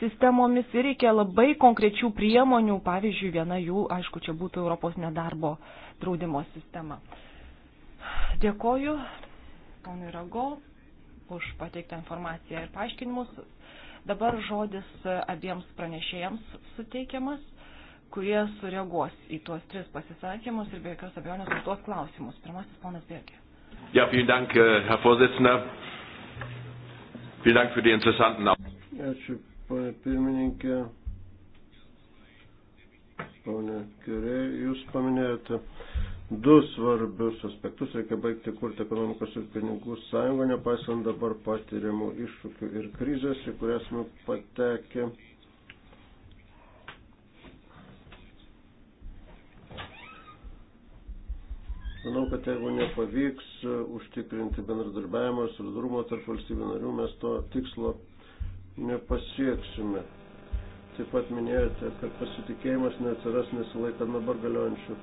sistemomis ir reikia labai konkrečių priemonių, pavyzdžiui, viena jų, aišku, čia būtų Europos nedarbo draudimo sistema. Dėkoju, ponui Rago, už pateiktą informaciją ir paaiškinimus. Dabar žodis abiems pranešėjams suteikiamas, kurie sureaguos į tuos tris pasisakymus ir be jokios abejonės į tuos klausimus. Pirmasis ponas Birgė. Ja, vielen Dank, äh, Herr Vorsitzender. Vielen Dank für die interessanten Ačiū Pane pirmininkė, ponė Kirė, jūs paminėjote du svarbius aspektus. Reikia baigti kurti ekonomikos ir pinigų sąjungą, nepaisant dabar patiriamų iššūkių ir krizės, į kurias mes patekė. Manau, kad jeigu nepavyks uh, užtikrinti bendradarbiavimo ir solidarumo tarp valstybių narių, mes to tikslo nepasieksime. Taip pat minėjote, kad pasitikėjimas neatsiras nesilaikant dabar galiojančių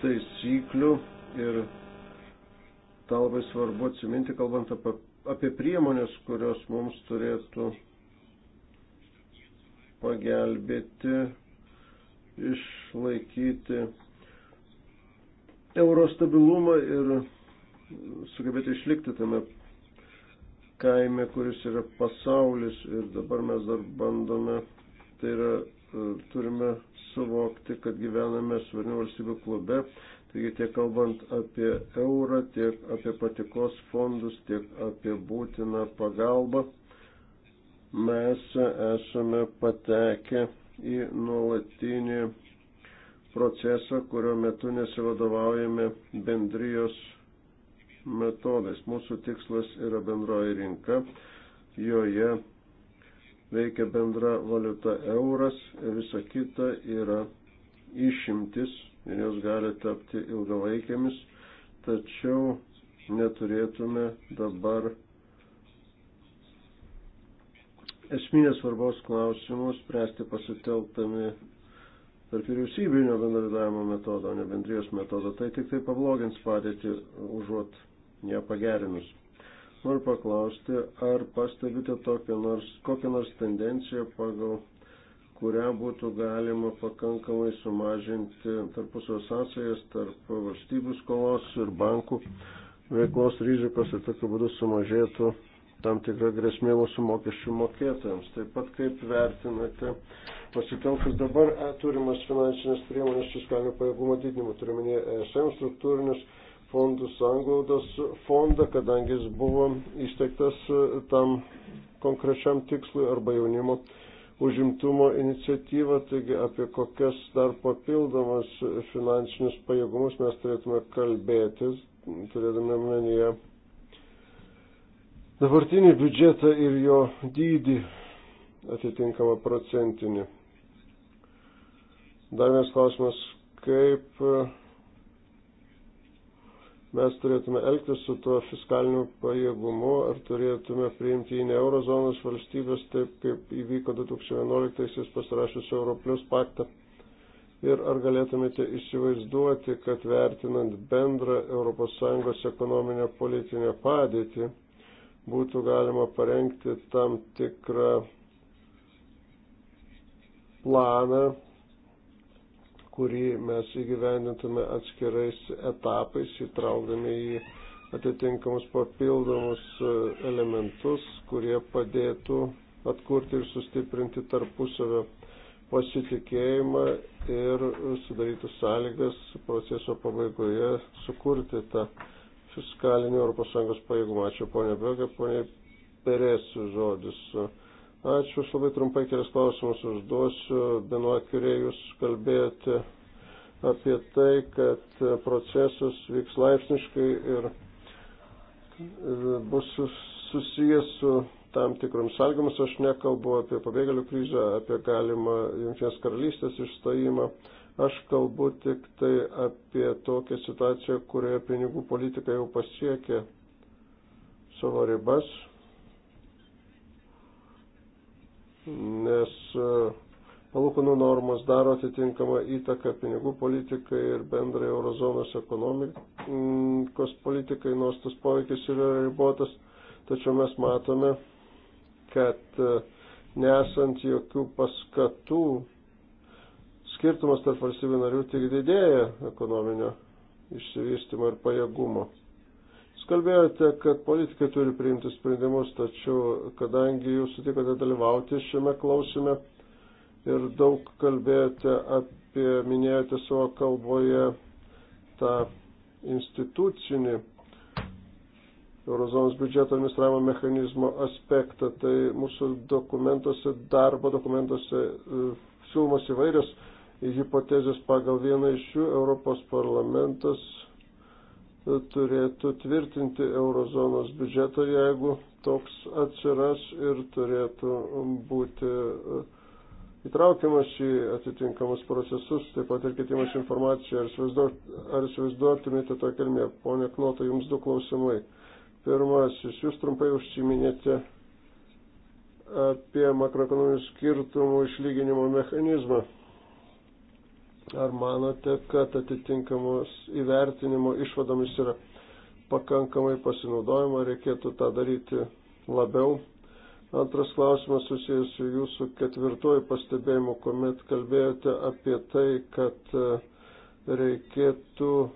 taisyklių ir tą labai svarbu atsiminti, kalbant apie, apie priemonės, kurios mums turėtų pagelbėti, išlaikyti euro stabilumą ir sugebėti išlikti tame kaime, kuris yra pasaulis ir dabar mes dar bandome, tai yra e, turime suvokti, kad gyvename svarnių valstybių klube. Taigi tiek kalbant apie eurą, tiek apie patikos fondus, tiek apie būtiną pagalbą, mes esame patekę į nuolatinį procesą, kurio metu nesivadovaujame bendrijos metodais. Mūsų tikslas yra bendroji rinka, joje veikia bendra valiuta euras, visa kita yra išimtis ir jos gali tapti ilgalaikėmis, tačiau neturėtume dabar esminės svarbos klausimus spręsti pasitelktami tarp vyriausybinio bendradarbiavimo metodo, ne bendrijos metodo. Tai tik tai pablogins padėtį užuot ją pagerinus. Noriu paklausti, ar pastebite nors, kokią nors tendenciją, pagal kurią būtų galima pakankamai sumažinti tarpusio sąsajas tarp valstybių skolos ir bankų veiklos rizikos ir tokiu būdu sumažėtų tam tikra grėsmė mūsų mokesčių mokėtojams. Taip pat kaip vertinate, pasitelkus dabar e, turimas finansinės priemonės fiskalinio pajėgumo didinimo, turiuomenė ESM struktūrinius fondų sanglaudos fondą, kadangi jis buvo įsteigtas e, tam konkrečiam tikslui arba jaunimo užimtumo iniciatyvą, taigi apie kokias dar papildomas finansinius pajėgumus mes turėtume kalbėtis, turėdami omenyje dabartinį biudžetą ir jo dydį atitinkamą procentinį. Dar vienas klausimas, kaip mes turėtume elgtis su tuo fiskaliniu pajėgumu, ar turėtume priimti jį ne eurozonos valstybės, taip kaip įvyko 2011-aisiais pasirašius Europlius paktą. Ir ar galėtumėte įsivaizduoti, kad vertinant bendrą ES ekonominę politinę padėtį, būtų galima parengti tam tikrą planą kurį mes įgyvendintume atskirais etapais, įtraukdami į atitinkamus papildomus e, elementus, kurie padėtų atkurti ir sustiprinti tarpusavio pasitikėjimą ir sudarytų sąlygas proceso pabaigoje sukurti tą fiskalinį ES pajėgumą. Ačiū ponia Bega, ponia Peresų žodis. Ačiū, aš labai trumpai kelias klausimus užduosiu. Benoit Kirė, jūs kalbėjote apie tai, kad procesas vyks laipsniškai ir bus susijęs su tam tikroms sąlygomis. Aš nekalbu apie pabėgėlių krizę, apie galimą Junktinės karalystės išstojimą. Aš kalbu tik tai apie tokią situaciją, kurioje pinigų politika jau pasiekė savo ribas nes e, palūkanų normos daro atitinkamą įtaką pinigų politikai ir bendrai eurozonos ekonomikos politikai, nors tas poveikis yra ribotas, tačiau mes matome, kad e, nesant jokių paskatų, skirtumas tarp valstybių narių tik didėja ekonominio išsivystimo ir pajėgumo. Skalbėjote, kad politikai turi priimti sprendimus, tačiau kadangi jūs sutikote dalyvauti šiame klausime ir daug kalbėjote apie, minėjote savo kalboje tą institucinį Eurozonos biudžeto administravimo mechanizmo aspektą, tai mūsų dokumentuose, darbo dokumentuose e, siūlomos įvairios hipotezės pagal vieną iš jų Europos parlamentas turėtų tvirtinti eurozonos biudžetą, jeigu toks atsiras ir turėtų būti e, įtraukiamas į atitinkamus procesus, taip pat ir kitimas informacija. Ar įsivaizduotumėte tą kelmę? Pone Knota, jums du klausimai. Pirmasis, jūs trumpai užsiminėte apie makroekonominių skirtumų išlyginimo mechanizmą. Ar manote, kad atitinkamos įvertinimo išvadomis yra pakankamai pasinaudojama, reikėtų tą daryti labiau? Antras klausimas susijęs su jūsų ketvirtuoju pastebėjimu, kuomet kalbėjote apie tai, kad e, reikėtų e,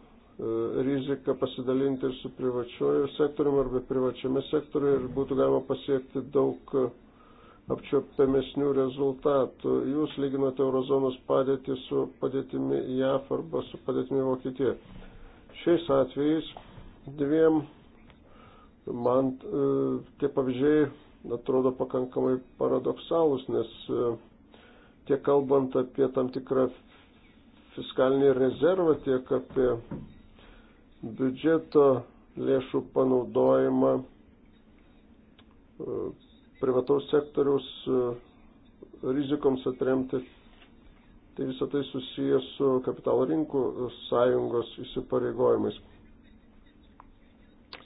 riziką pasidalinti ir su privačiuoju sektoriumi arba privačiame sektoriuje ir būtų galima pasiekti daug apčioptamesnių rezultatų. Jūs lyginote eurozonos padėtį su padėtimi JAF arba su padėtimi Vokietijoje. Šiais atvejais dviem man e, tie pavyzdžiai atrodo pakankamai paradoksalus, nes e, tiek kalbant apie tam tikrą fiskalinį rezervą, tiek apie biudžeto lėšų panaudojimą e, privataus sektoriaus e, rizikoms atremti. Tai visą tai susijęs su kapitalo rinkų sąjungos įsipareigojimais.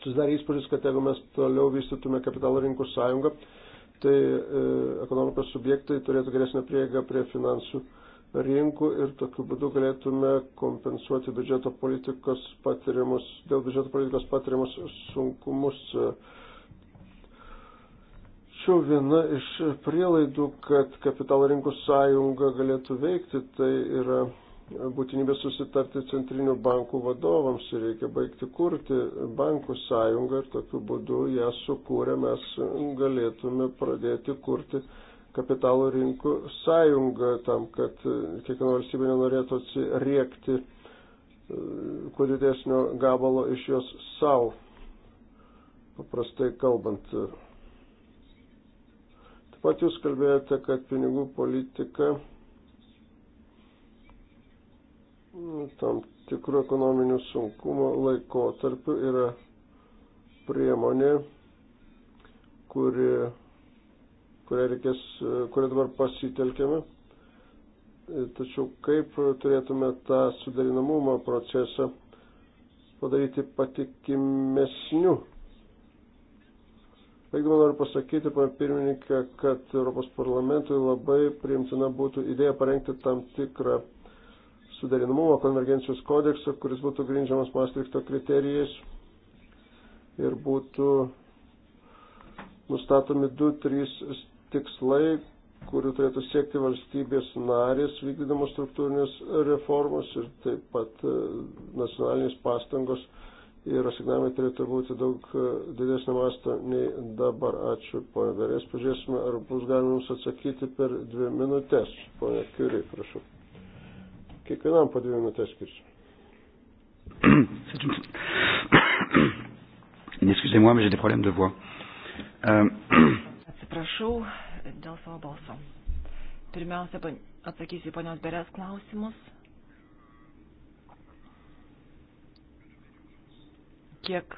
Susidarė įspūdis, kad jeigu mes toliau vystytume kapitalo rinkų sąjungą, tai e, ekonomikos subjektai turėtų geresnę prieigą prie finansų rinkų ir tokiu būdu galėtume kompensuoti biudžeto politikos patiriamus, dėl biudžeto politikos patiriamus sunkumus. E, Tačiau viena iš prielaidų, kad kapitalo rinkų sąjunga galėtų veikti, tai yra būtinybė susitarti centrinių bankų vadovams ir reikia baigti kurti bankų sąjungą ir tokiu būdu ją sukūrę mes galėtume pradėti kurti kapitalo rinkų sąjungą tam, kad kiekviena valstybė nenorėtų atsiriekti e, kuo didesnio gabalo iš jos savo, paprastai kalbant. Taip pat jūs kalbėjote, kad pinigų politika mm, tam tikrų ekonominių sunkumų laikotarpiu yra priemonė, kuri, kurią, reikės, kurią dabar pasitelkėme. Tačiau kaip turėtume tą sudarinamumą procesą padaryti patikimesniu Baigdama noriu pasakyti, pana pirmininkė, kad Europos parlamentui labai priimtina būtų idėja parengti tam tikrą suderinamumo konvergencijos kodeksą, kuris būtų grindžiamas Maastrichto kriterijais ir būtų nustatomi 2-3 tikslai, kurių turėtų siekti valstybės narės vykdydamos struktūrinės reformos ir taip pat nacionalinės pastangos ir asignavimai turėtų būti daug e, didesnio masto nei dabar. Ačiū, ponė Darės. Pažiūrėsime, ar bus galima jums atsakyti per dvi minutės. Ponė Kiuri, prašau. Kiekvienam po dvi minutės skirsiu. Excusez-moi, mais j'ai des problèmes de voix. Euh... Atsiprašau dėl savo balso. Pirmiausia, atsakysiu į ponios Berės klausimus kiek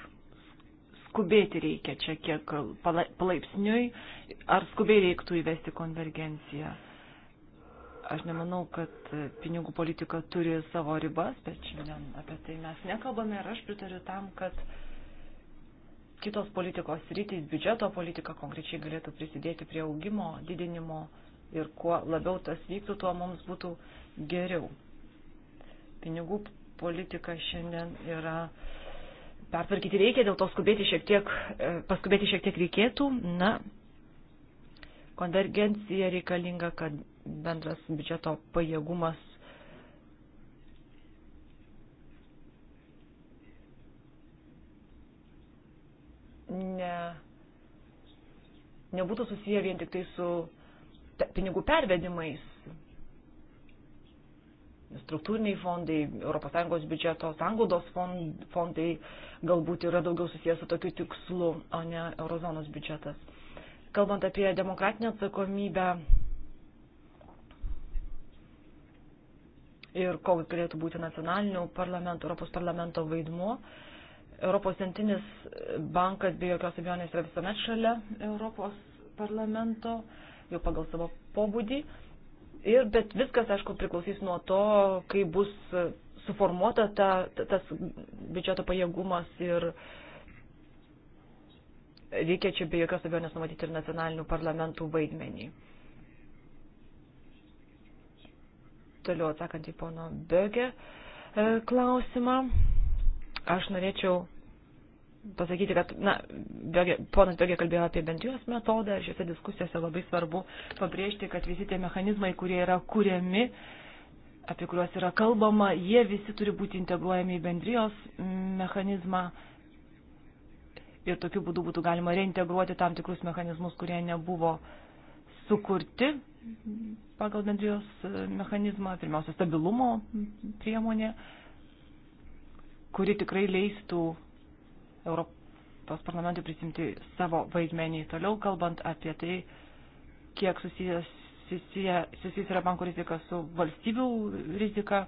skubėti reikia čia, kiek palaipsniui, ar skubiai reiktų įvesti konvergenciją. Aš nemanau, kad pinigų politika turi savo ribas, bet šiandien apie tai mes nekalbame ir aš pritariu tam, kad kitos politikos rytis, biudžeto politika konkrečiai galėtų prisidėti prie augimo, didinimo ir kuo labiau tas vyktų, tuo mums būtų geriau. Pinigų politika šiandien yra uh, pertvarkyti reikia, dėl to skubėti šiek tiek, e, paskubėti šiek tiek reikėtų. Na, konvergencija reikalinga, kad bendras biudžeto pajėgumas ne, nebūtų susiję vien tik tai su pinigų pervedimais struktūriniai fondai, ES biudžeto, sanglaudos fondai, galbūt yra daugiau susijęs su tokiu tikslu, o ne eurozonos biudžetas. Kalbant apie demokratinę atsakomybę ir koks galėtų būti nacionalinių parlamentų, Europos parlamento vaidmuo, Europos centrinis bankas be jokios abejonės yra visuomet šalia Europos parlamento, jau pagal savo pobūdį. Ir, bet viskas, aišku, priklausys nuo to, kaip bus suformuota ta, tas biudžeto pajėgumas ir reikia čia be jokios abejonės numatyti ir nacionalinių parlamentų vaidmenį. Toliau atsakant į pono Bögę e, klausimą, aš norėčiau pasakyti, kad na, Bėgė, ponas Bėgė kalbėjo apie bendrijos metodą ir šiuose diskusijose labai svarbu pabrėžti, kad visi tie mechanizmai, kurie yra kuriami, uh, apie kuriuos yra kalbama, jie visi turi būti integruojami į bendrijos mechanizmą ir tokiu būdu būtų galima reintegruoti tam tikrus mechanizmus, kurie nebuvo sukurti pagal bendrijos mechanizmą, pirmiausia, stabilumo priemonė, kuri tikrai leistų Europos parlamentui prisimti savo vaidmenį. Toliau kalbant apie tai, kiek susijęs susijęs yra bankų rizika su valstybių rizika.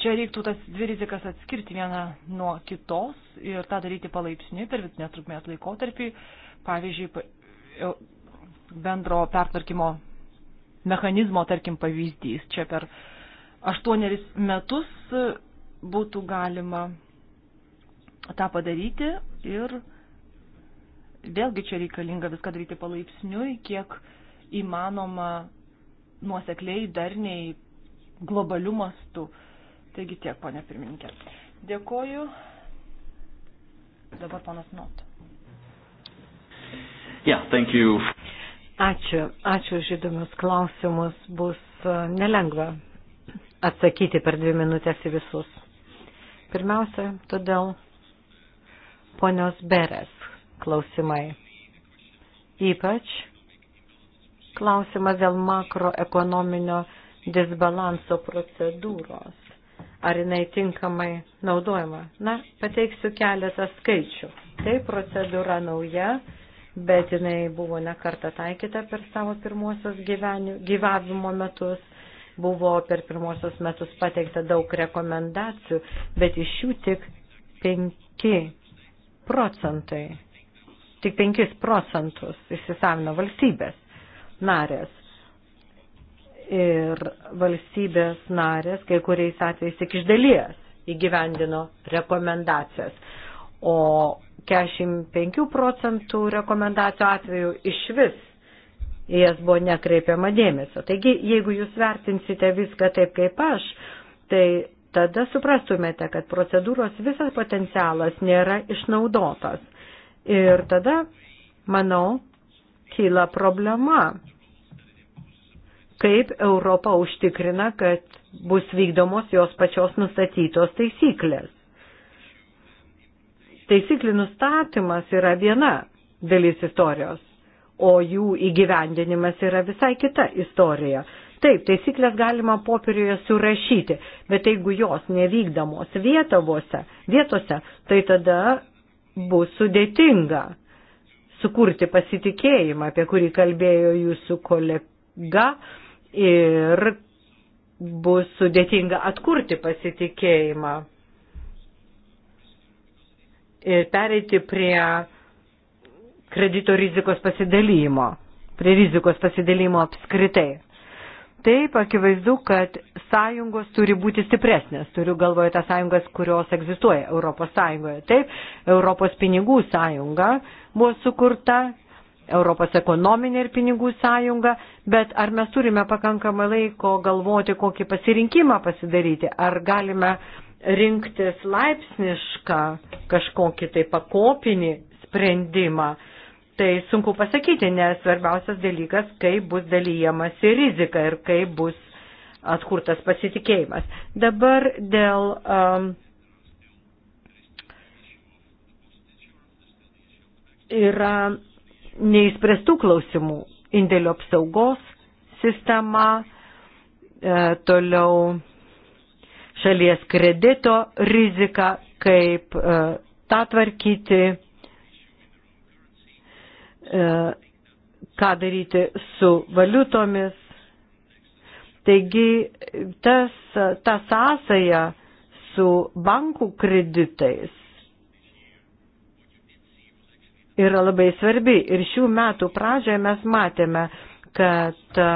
Čia reiktų tas dvi rizikas atskirti vieną nuo kitos ir tą daryti palaipsniui per vidutinės trukmės laikotarpį. Pavyzdžiui, bendro pertvarkymo mechanizmo, tarkim, pavyzdys. Čia per aštuoneris metus būtų galima tą padaryti ir vėlgi čia reikalinga viską daryti palaipsniui, kiek uh, įmanoma nuosekliai, darniai, globalių mastų. Taigi tiek, ponė pirmininkė. Dėkoju. Dabar ponas Not. Yeah, thank you. Ačiū. Ačiū už įdomius klausimus. Bus uh, nelengva atsakyti per dvi minutės į visus. Pirmiausia, todėl ponios Beres klausimai. Ypač Klausimas dėl makroekonominio disbalanso procedūros. Ar jinai tinkamai naudojama? Na, pateiksiu keletą skaičių. Tai procedūra nauja, bet jinai buvo nekarta taikyta per savo pirmosios gyvavimo metus buvo per pirmosios metus pateikta daug rekomendacijų, bet iš jų tik 5 procentai, tik 5 procentus įsisavino valstybės narės. Ir valstybės narės kai kuriais atvejais tik iš dalies įgyvendino rekomendacijas. O 45 procentų rekomendacijų atveju iš vis į jas buvo nekreipiama dėmesio. Taigi, jeigu jūs vertinsite viską taip kaip aš, tai tada suprastumėte, kad procedūros visas potencialas nėra išnaudotas. Ir tada, manau, kyla problema. Kaip Europa užtikrina, kad bus vykdomos jos pačios nustatytos taisyklės. Taisyklių nustatymas yra viena dalis istorijos, o jų įgyvendinimas yra visai kita istorija. Taip, taisyklės galima popieriuje surašyti, bet jeigu jos nevykdamos vietavose, vietose, tai tada bus sudėtinga sukurti pasitikėjimą, apie kurį kalbėjo jūsų kolega ir bus sudėtinga atkurti pasitikėjimą ir pereiti prie kredito rizikos pasidalymo, prie rizikos pasidalymo apskritai taip akivaizdu, kad sąjungos turi būti stipresnės. Turiu galvoje tas sąjungas, kurios egzistuoja Europos sąjungoje. Taip, Europos pinigų sąjunga buvo sukurta, Europos ekonominė ir pinigų sąjunga, bet ar mes turime pakankamą laiko galvoti, kokį pasirinkimą pasidaryti, ar galime rinktis laipsnišką kažkokį tai pakopinį sprendimą tai sunku pasakyti, nes svarbiausias dalykas, kaip bus dalyjamasi rizika ir kaip bus atkurtas pasitikėjimas. Dabar dėl um, yra neįspręstų klausimų indėlio apsaugos sistema, e, toliau šalies kredito rizika, kaip e, tą tvarkyti E, ką daryti su valiutomis. Taigi tas, ta sąsaja su bankų kreditais yra labai svarbi. Ir šių metų pradžioje mes matėme, kad e,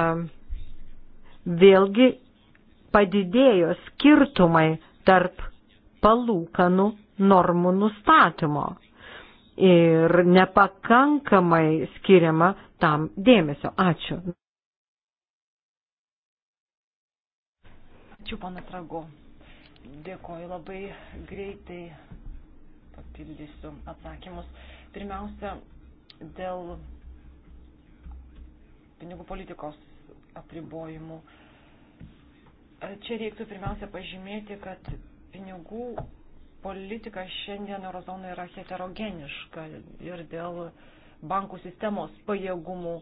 vėlgi padidėjo skirtumai tarp palūkanų normų nustatymo ir nepakankamai skiriama tam dėmesio. Ačiū. Ačiū, panas Rago. Dėkoju labai greitai. Papildysiu atsakymus. Pirmiausia, dėl pinigų politikos apribojimų. Čia reiktų pirmiausia pažymėti, kad pinigų politika šiandien Eurozona yra heterogeniška ir dėl bankų sistemos pajėgumų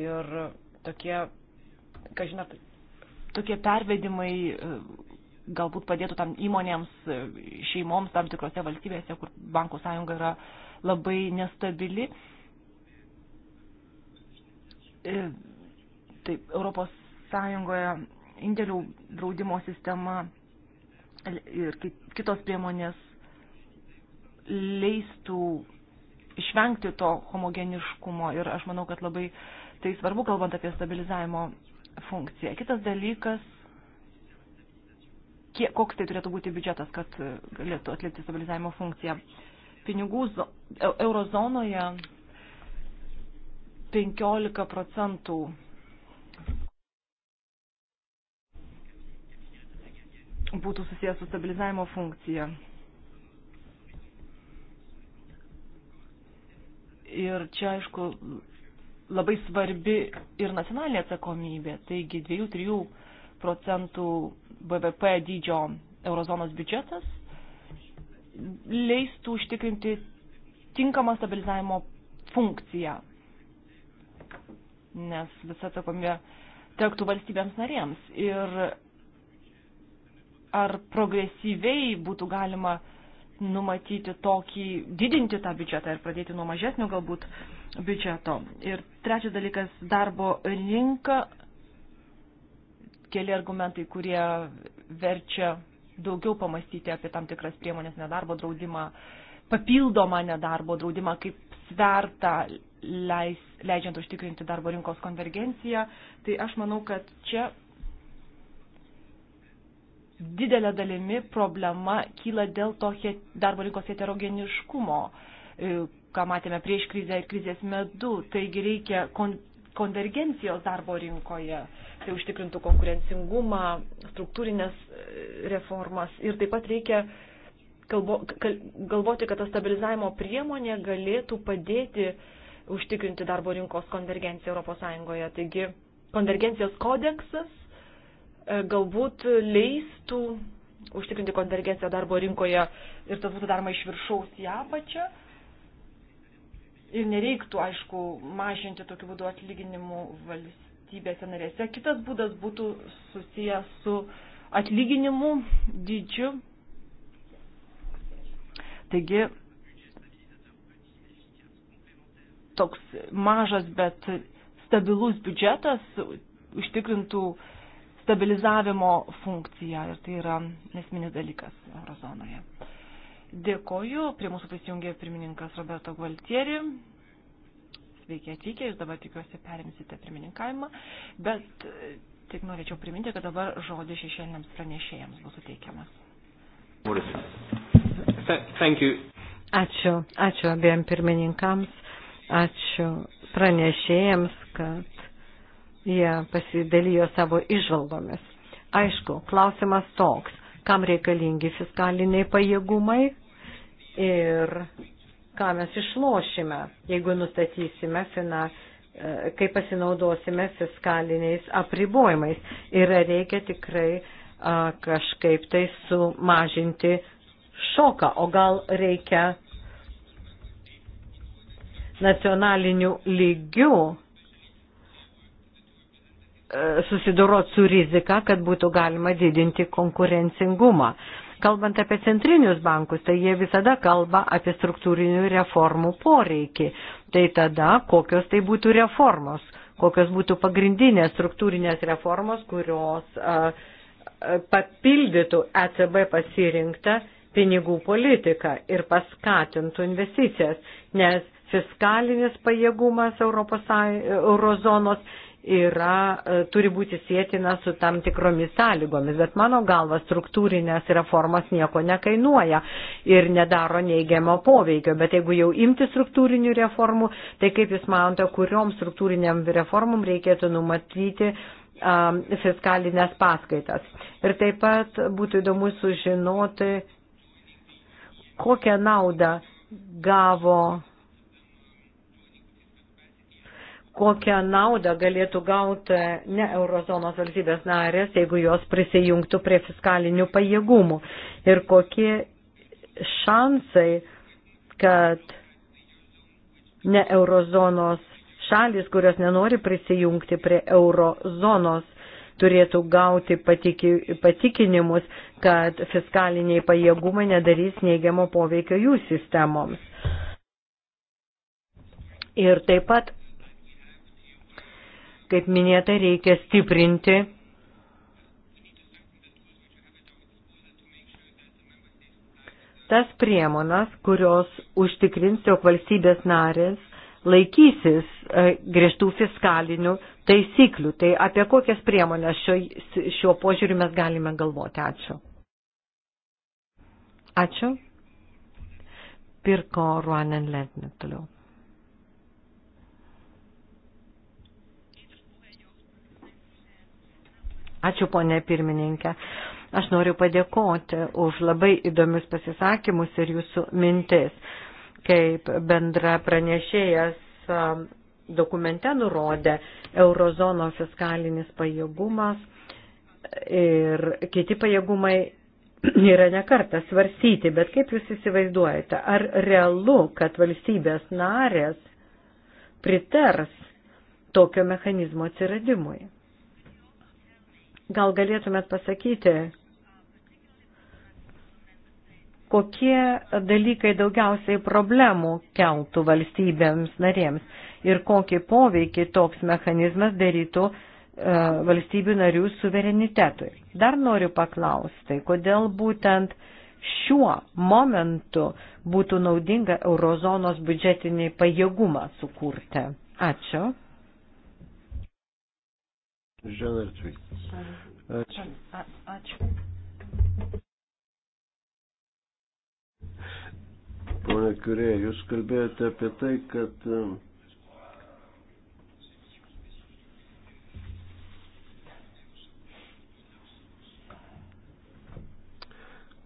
ir tokie, ką žinot, tokie pervedimai e, galbūt padėtų tam įmonėms, e, šeimoms tam tikrose valstybėse, kur bankų sąjunga yra labai nestabili. E, taip, Europos sąjungoje indėlių draudimo sistema ir kitos priemonės leistų išvengti to homogeniškumo ir aš manau, kad labai tai svarbu, kalbant apie stabilizavimo funkciją. Kitas dalykas, kiek, koks tai turėtų būti biudžetas, kad galėtų atlikti stabilizavimo funkciją. Pinigų eurozonoje 15 procentų būtų susijęs su stabilizavimo funkcija. Ir čia, aišku, labai svarbi ir nacionalinė atsakomybė. Taigi 2-3 procentų BVP dydžio eurozonos biudžetas leistų užtikrinti tinkamą stabilizavimo funkciją. Nes visą atsakomybę tektų valstybėms narėms. Ir ar progresyviai būtų galima numatyti tokį, didinti tą biudžetą ir pradėti nuo mažesnio galbūt biudžeto. Ir trečias dalykas - darbo rinka. Keli argumentai, kurie verčia daugiau pamastyti apie tam tikras priemonės nedarbo draudimą, papildomą nedarbo draudimą kaip svertą leis, leidžiant užtikrinti darbo rinkos konvergenciją. Tai aš manau, kad čia didelė dalimi problema kyla dėl to darbo rinkos heterogeniškumo, e, ką matėme prieš krizę ir krizės medu. Taigi reikia kon konvergencijos darbo rinkoje, tai užtikrintų konkurencingumą, struktūrinės e, reformas ir taip pat reikia kalbo, kal, galvoti, kad ta stabilizavimo priemonė galėtų padėti užtikrinti darbo rinkos konvergenciją ES. Taigi konvergencijos kodeksas E, galbūt leistų užtikrinti konvergenciją darbo rinkoje ir tas būtų daroma iš viršaus į apačią. Ir nereiktų, aišku, mažinti tokiu būdu atlyginimų valstybėse narėse. Kitas būdas būtų susijęs su atlyginimų dydžiu. Taigi, toks mažas, bet stabilus biudžetas užtikrintų uh, stabilizavimo funkciją ir tai yra esminis dalykas eurozonoje. Dėkoju, prie mūsų prisijungė pirmininkas Roberto Gualtieri. Sveiki atvykę, jūs dabar tikiuosi perimsite pirmininkavimą, bet e, tik norėčiau priminti, kad dabar žodis šešėliniams pranešėjams bus suteikiamas. Ačiū, ačiū abiem pirmininkams, ačiū pranešėjams, kad jie pasidalijo savo išvalgomis. Aišku, klausimas toks, kam reikalingi fiskaliniai pajėgumai ir ką mes išlošime, jeigu nustatysime fina, e, kai pasinaudosime fiskaliniais apribojimais. Ir reikia tikrai a, kažkaip tai sumažinti šoką, o gal reikia nacionalinių lygių E, susidoroti su rizika, kad būtų galima didinti konkurencingumą. Kalbant apie centrinius bankus, tai jie visada kalba apie struktūrinių reformų poreikį. Tai tada, kokios tai būtų reformos, kokios būtų pagrindinės struktūrinės reformos, kurios a, e, a, e, papildytų ECB pasirinktą pinigų politiką ir paskatintų investicijas, nes fiskalinis pajėgumas Europos eurozonos yra, e, turi būti sėtina su tam tikromis sąlygomis, bet mano galva struktūrinės reformas nieko nekainuoja ir nedaro neigiamo poveikio, bet jeigu jau imti struktūrinių reformų, tai kaip Jūs manote, kuriom struktūriniam reformom reikėtų numatyti um, fiskalinės paskaitas. Ir taip pat būtų įdomu sužinoti, kokią naudą gavo kokią naudą galėtų gauti ne eurozonos valstybės narės, jeigu jos prisijungtų prie fiskalinių pajėgumų ir kokie šansai, kad ne eurozonos šalis, kurios nenori prisijungti prie eurozonos, turėtų gauti patiki, patikinimus, kad fiskaliniai pajėgumai nedarys neigiamo poveikio jų sistemoms. Ir taip pat Kaip minėta, reikia stiprinti tas priemonas, kurios užtikrins, jog valstybės narės laikysis e, griežtų fiskalinių taisyklių. Tai apie kokias priemonės šio, šio požiūriu mes galime galvoti. Ačiū. Ačiū. Pirko Ruanen Lentner toliau. Ačiū, ponė pirmininkė. Aš noriu padėkoti už labai įdomius pasisakymus ir jūsų mintis. Kaip bendra pranešėjas um, dokumente nurodė, eurozono fiskalinis pajėgumas ir kiti pajėgumai yra nekarta svarstyti, bet kaip jūs įsivaizduojate, ar realu, kad valstybės narės pritars tokio mechanizmo atsiradimui? Gal galėtumėt pasakyti, kokie dalykai daugiausiai problemų keltų valstybėms narėms ir kokį poveikį toks mechanizmas darytų e, valstybių narių suverenitetui. Dar noriu paklausti, kodėl būtent šiuo momentu būtų naudinga eurozonos biudžetinį pajėgumą sukurti. Ačiū. Žanartui. Ačiū. Ačiū. Pone Kurė, jūs kalbėjote apie tai, kad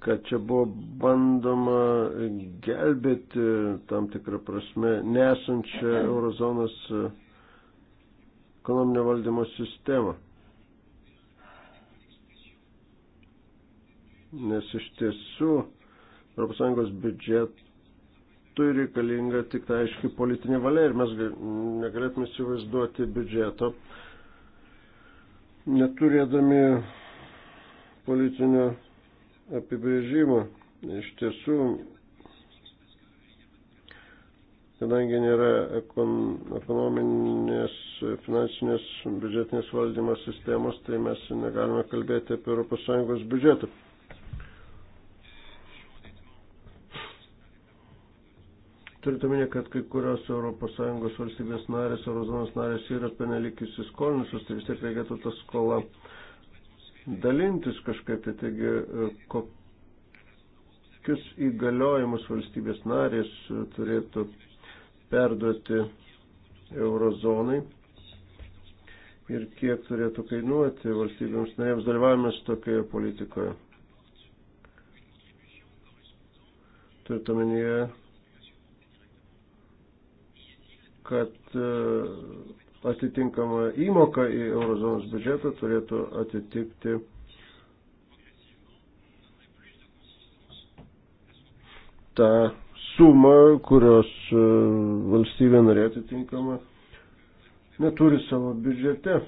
kad čia buvo bandoma gelbėti tam tikrą prasme nesančią eurozonos ekonominio valdymo sistemą. Nes iš tiesų ES biudžetui reikalinga tik tai aiški politinė valia ir mes negalėtume įsivaizduoti biudžeto, neturėdami politinio apibrėžimo. Iš tiesų kadangi nėra ekonominės, finansinės, biudžetinės valdymo sistemos, tai mes negalime kalbėti apie ES biudžetą. Turint omenyje, kad kai kurios ES valstybės narės, eurozonos narės yra penelik įsiskolinusios, tai vis tiek reikėtų tą skolą dalintis kažkaip. Tai taigi, kokius įgaliojimus valstybės narės turėtų perduoti eurozonai ir kiek turėtų kainuoti valstybėms narėms dalyvavimas tokioje politikoje. Turint omenyje, kad e, atitinkama įmoka į eurozonos biudžetą turėtų atitikti tą sumą, kurios e, valstybė narė atitinkama neturi savo biudžete.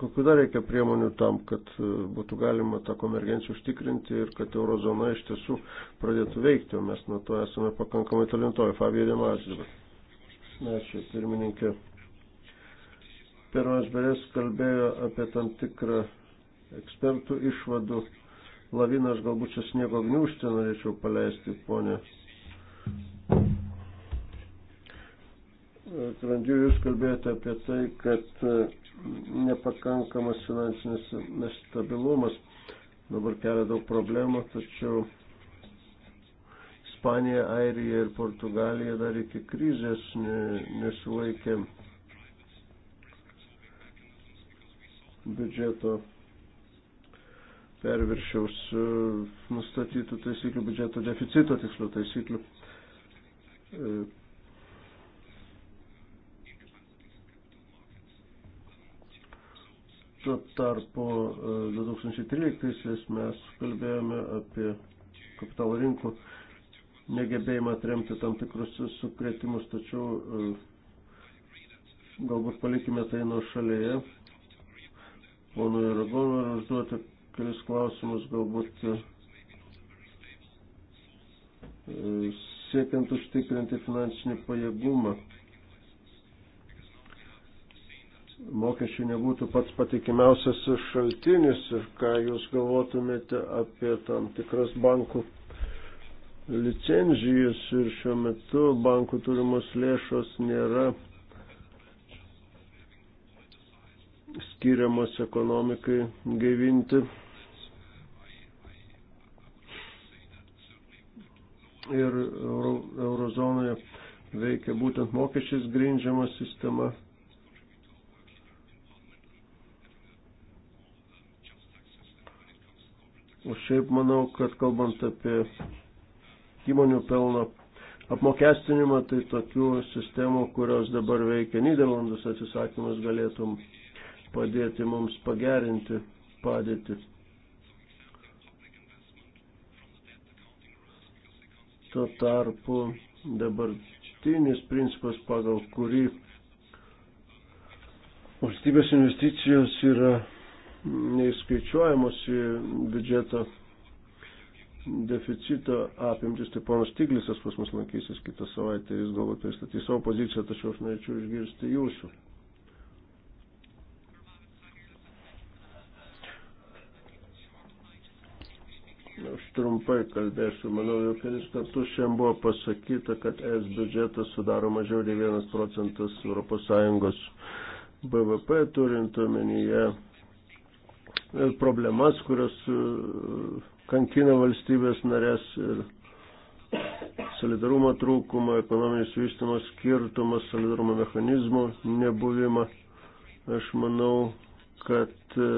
Kokiu dar reikia priemonių tam, kad e, būtų galima tą konvergenciją užtikrinti ir kad eurozona iš tiesų pradėtų veikti, o mes nuo to esame pakankamai talentovi. Fabija Demaras dabar. Ačiū, pirmininkė. Pirmas Berės kalbėjo apie tam tikrą ekspertų išvadų laviną aš galbūt čia sniego gniūštę norėčiau paleisti, ponė. Grandžiu, jūs kalbėjote apie tai, kad e, nepakankamas finansinis nestabilumas dabar kelia daug problemų, tačiau Ispanija, Airija ir Portugalija dar iki krizės nesulaikė biudžeto perviršiaus e, nustatytų taisyklių, biudžeto deficito tiksliau taisyklių. E, tuo tarpu 2013 e, mes kalbėjome apie kapitalo rinkų negebėjimą atremti tam tikrus sukretimus, tačiau galbūt palikime tai nuo šalyje. Ponui Ragonui užduoti kelis klausimus galbūt e, siekiant užtikrinti finansinį pajėgumą. Mokesčiai nebūtų pats patikimiausias šaltinis ir ką jūs galvotumėte apie tam tikras bankų licenzijas ir šiuo metu bankų turimos lėšos nėra skiriamas ekonomikai gaivinti. Ir euro, eurozonoje veikia būtent mokesčiais grindžiama sistema. O šiaip manau, kad kalbant apie įmonių pelno apmokestinimą, tai tokių sistemų, kurios dabar veikia Niderlandus, atsisakymas galėtum padėti mums pagerinti padėtį. Tuo tarpu dabartinis principas, pagal kurį valstybės investicijos yra neįskaičiuojamos į biudžeto deficito apimtis, tai ponas Tiglisas pas mus lankysis kitą savaitę, jis galbūt pristatys savo poziciją, tačiau aš norėčiau išgirsti jūsų. Aš trumpai kalbėsiu, manau, jau kelis kartus šiandien buvo pasakyta, kad es biudžetas sudaro mažiau nei vienas procentas ES BVP, turint omenyje problemas, kurios e, kankina valstybės narės ir solidarumo trūkumą, ekonominis vystimas, skirtumas, solidarumo mechanizmų nebuvimą. Aš manau, kad e,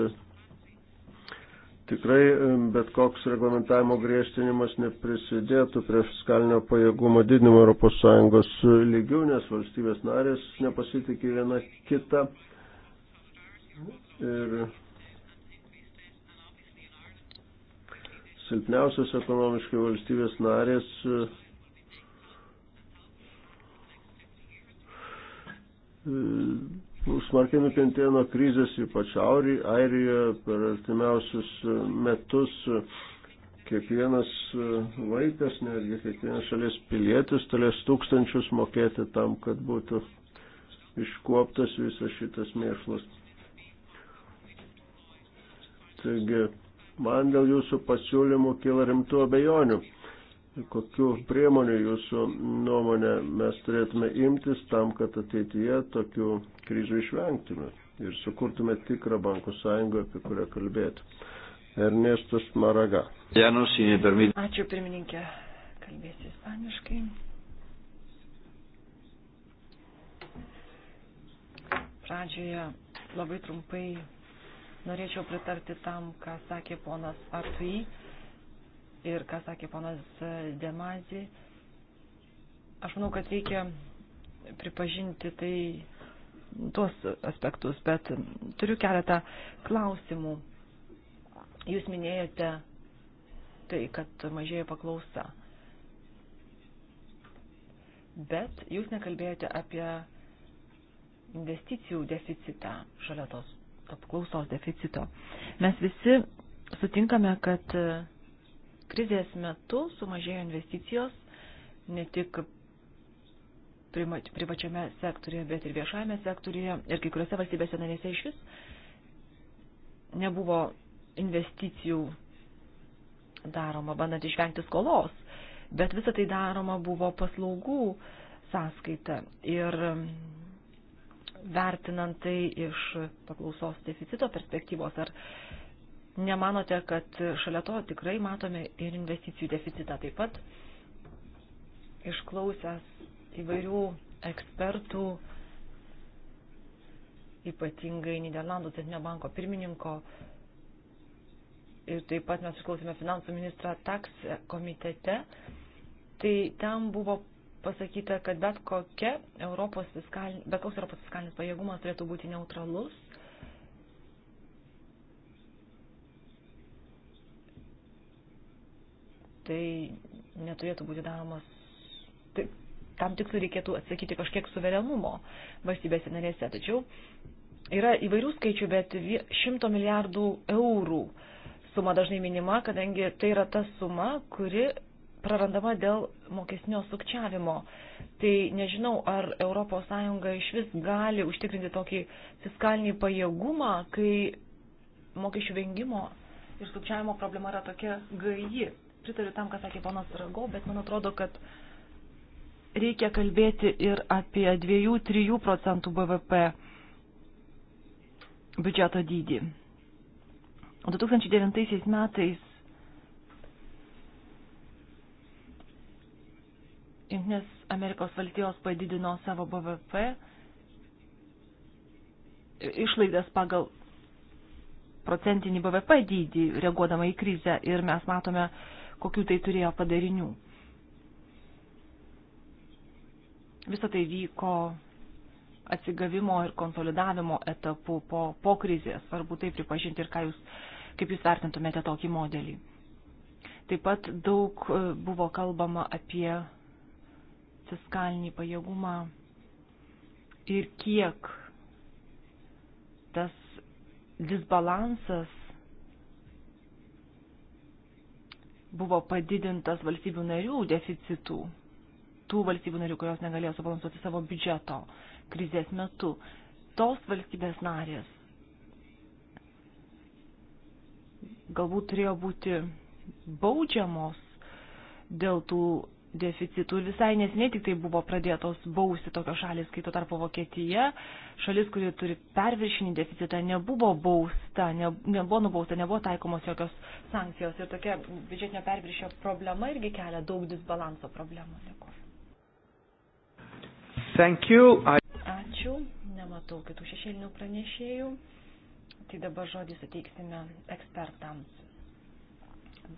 Tikrai bet koks reglamentavimo griežtinimas neprisidėtų prie fiskalinio pajėgumo didinimo ES lygių, nes valstybės narės nepasitikė viena kita. Ir silpniausios ekonomiškai valstybės narės smarkiai nukentėjo nuo krizės, ypač Airijoje per artimiausius e, metus. E, kiekvienas e, vaikas, netgi kiekvienas šalies pilietis turės tūkstančius mokėti tam, kad būtų iškuoptas visas šitas mėšlas. Taigi, man dėl jūsų pasiūlymų kila rimtų abejonių. Kokiu priemonių jūsų nuomonė mes turėtume imtis tam, kad ateityje tokių krizių išvengtume ir sukurtume tikrą bankų sąjungą, apie kurią kalbėtų. Ernestas Maraga. Ačiū pirmininkė, kalbėsiu ispaniškai. Pradžioje labai trumpai norėčiau pritarti tam, ką sakė ponas Artui ir ką sakė ponas Demazi. Aš manau, kad reikia pripažinti tai, tuos aspektus, bet turiu keletą klausimų. Jūs minėjote tai, kad mažėja paklausa. Bet jūs nekalbėjote apie investicijų deficitą šalia tos apklausos deficito. Mes visi sutinkame, kad krizės metu sumažėjo investicijos ne tik privačiame sektorėje, bet ir viešajame sektorėje ir kai kuriuose valstybėse narėse iš vis nebuvo investicijų daroma, bandant išvengti skolos, bet visą tai daroma buvo paslaugų sąskaita ir vertinant tai iš paklausos deficito perspektyvos, ar nemanote, kad šalia to tikrai matome ir investicijų deficitą taip pat, išklausęs įvairių ekspertų, ypatingai Niderlandų centrinio banko pirmininko. Ir taip pat mes išklausėme finansų ministrą TAX komitete. Tai ten buvo pasakyta, kad bet, kokia Europos fiskal... bet koks Europos fiskalinis pajėgumas turėtų būti neutralus. Tai neturėtų būti daromas tam tikslui reikėtų atsakyti kažkiek suverenumo valstybėse narėse. Tačiau yra įvairių skaičių, bet 100 milijardų eurų suma dažnai minima, kadangi tai yra ta suma, kuri prarandama dėl mokesnio sukčiavimo. Tai nežinau, ar ES iš vis gali užtikrinti tokį fiskalinį pajėgumą, kai mokesčių vengimo ir sukčiavimo problema yra tokia gaji. Pritariu tam, ką sakė ponas Rago, bet man atrodo, kad uh, reikia kalbėti ir apie 2-3 procentų BVP biudžeto dydį. 2009 metais Junktinės Amerikos valstijos padidino savo BVP išlaidas pagal procentinį BVP dydį, reaguodama į krizę ir mes matome, kokiu tai turėjo padarinių. Visą tai vyko atsigavimo ir konsolidavimo etapu po, po krizės. Svarbu tai pripažinti ir jūs, kaip jūs vertintumėte tokį modelį. Taip pat daug e, buvo kalbama apie fiskalinį pajėgumą ir kiek tas disbalansas buvo padidintas valstybių narių deficitų tų valstybių narių, kurios negalėjo subalansuoti savo biudžeto krizės metu. Tos valstybės narės galbūt turėjo būti baudžiamos dėl tų deficitų. Ir visai nesiniai tik tai buvo pradėtos bausti tokios šalis, kai tuo tarpu Vokietija, šalis, kuri turi perviršinį deficitą, nebuvo bausta, ne, nebuvo nubausta, nebuvo taikomos jokios sankcijos. Ir tokia biudžetinio perviršio problema irgi kelia daug disbalanso problemų. Dėkuoju. Thank you. I... Ačiū. Nematau kitų šešėlinių pranešėjų. Tai dabar žodį suteiksime ekspertams.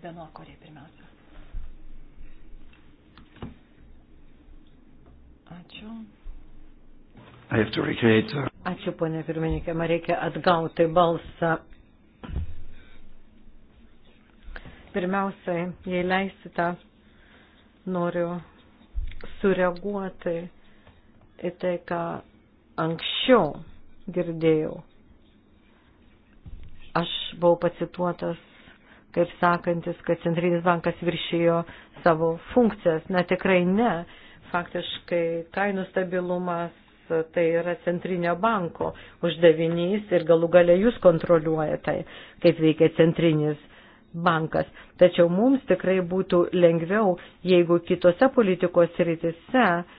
Benokorė pirmiausia. Ačiū. Uh, Ačiū, ponė pirmininkė, man reikia atgauti balsą. Pirmiausiai, jei leisite, noriu sureaguoti į tai, ką anksčiau girdėjau. Aš buvau pacituotas kaip sakantis, kad Centrinis bankas viršijo savo funkcijas. Na tikrai ne. Faktiškai kainų stabilumas tai yra centrinio banko uždavinys ir galų galia jūs kontroliuoja tai, kaip veikia centrinis bankas. Tačiau mums tikrai būtų lengviau, jeigu kitose politikos rytise uh,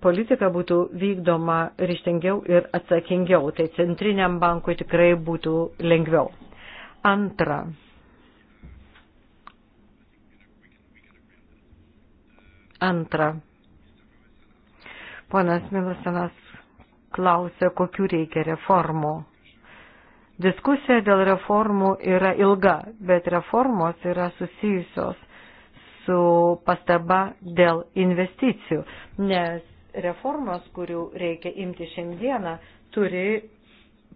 politika būtų vykdoma ryštingiau ir atsakingiau, tai centriniam bankui tikrai būtų lengviau. Antra. Antra. Ponas Milusinas klausė, kokiu reikia reformų. Diskusija dėl reformų yra ilga, bet reformos yra susijusios su pastaba dėl investicijų, nes reformos, kurių reikia imti šiandieną, turi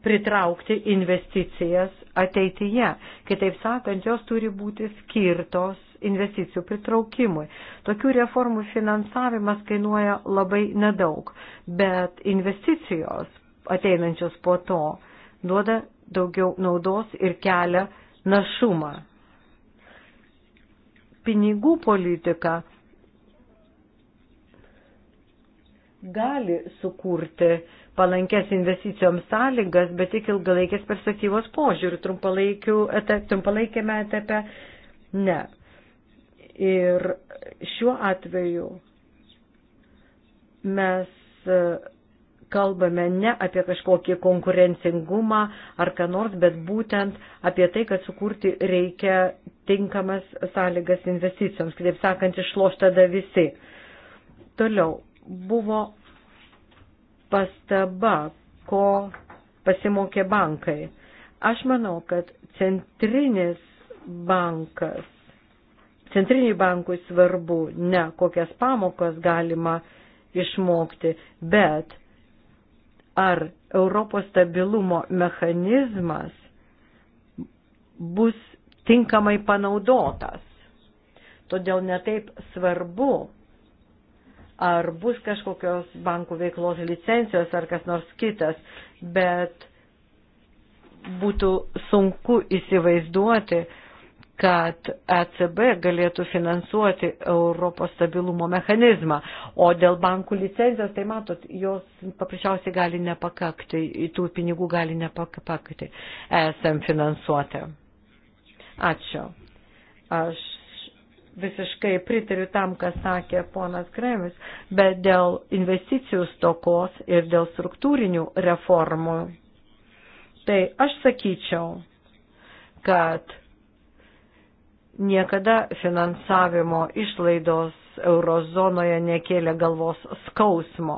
pritraukti investicijas ateityje. Kitaip sakant, jos turi būti skirtos investicijų pritraukimui. Tokių reformų finansavimas kainuoja labai nedaug, bet investicijos ateinančios po to duoda daugiau naudos ir kelia našumą pinigų politika gali sukurti palankės investicijoms sąlygas, bet tik ilgalaikės perspektyvos požiūrių, trumpalaikėme etape ne. Ir šiuo atveju mes kalbame ne apie kažkokį konkurencingumą ar ką nors, bet būtent apie tai, kad sukurti reikia tinkamas sąlygas investicijoms, kitaip sakant, išloš tada visi. Toliau buvo pastaba, ko pasimokė bankai. Aš manau, kad centrinis bankas, centriniai bankui svarbu ne kokias pamokas galima išmokti, bet ar Europos stabilumo mechanizmas bus tinkamai panaudotas. Todėl netaip svarbu, ar bus kažkokios bankų veiklos licencijos ar kas nors kitas, bet būtų sunku įsivaizduoti, kad ECB galėtų finansuoti Europos stabilumo mechanizmą. O dėl bankų licenzijos, tai matot, jos paprasčiausiai gali nepakakti, tų pinigų gali nepakakti ESM finansuoti. Ačiū. Aš visiškai pritariu tam, kas sakė ponas Kremis, bet dėl investicijų stokos ir dėl struktūrinių reformų, tai aš sakyčiau, kad Niekada finansavimo išlaidos eurozonoje nekėlė galvos skausmo.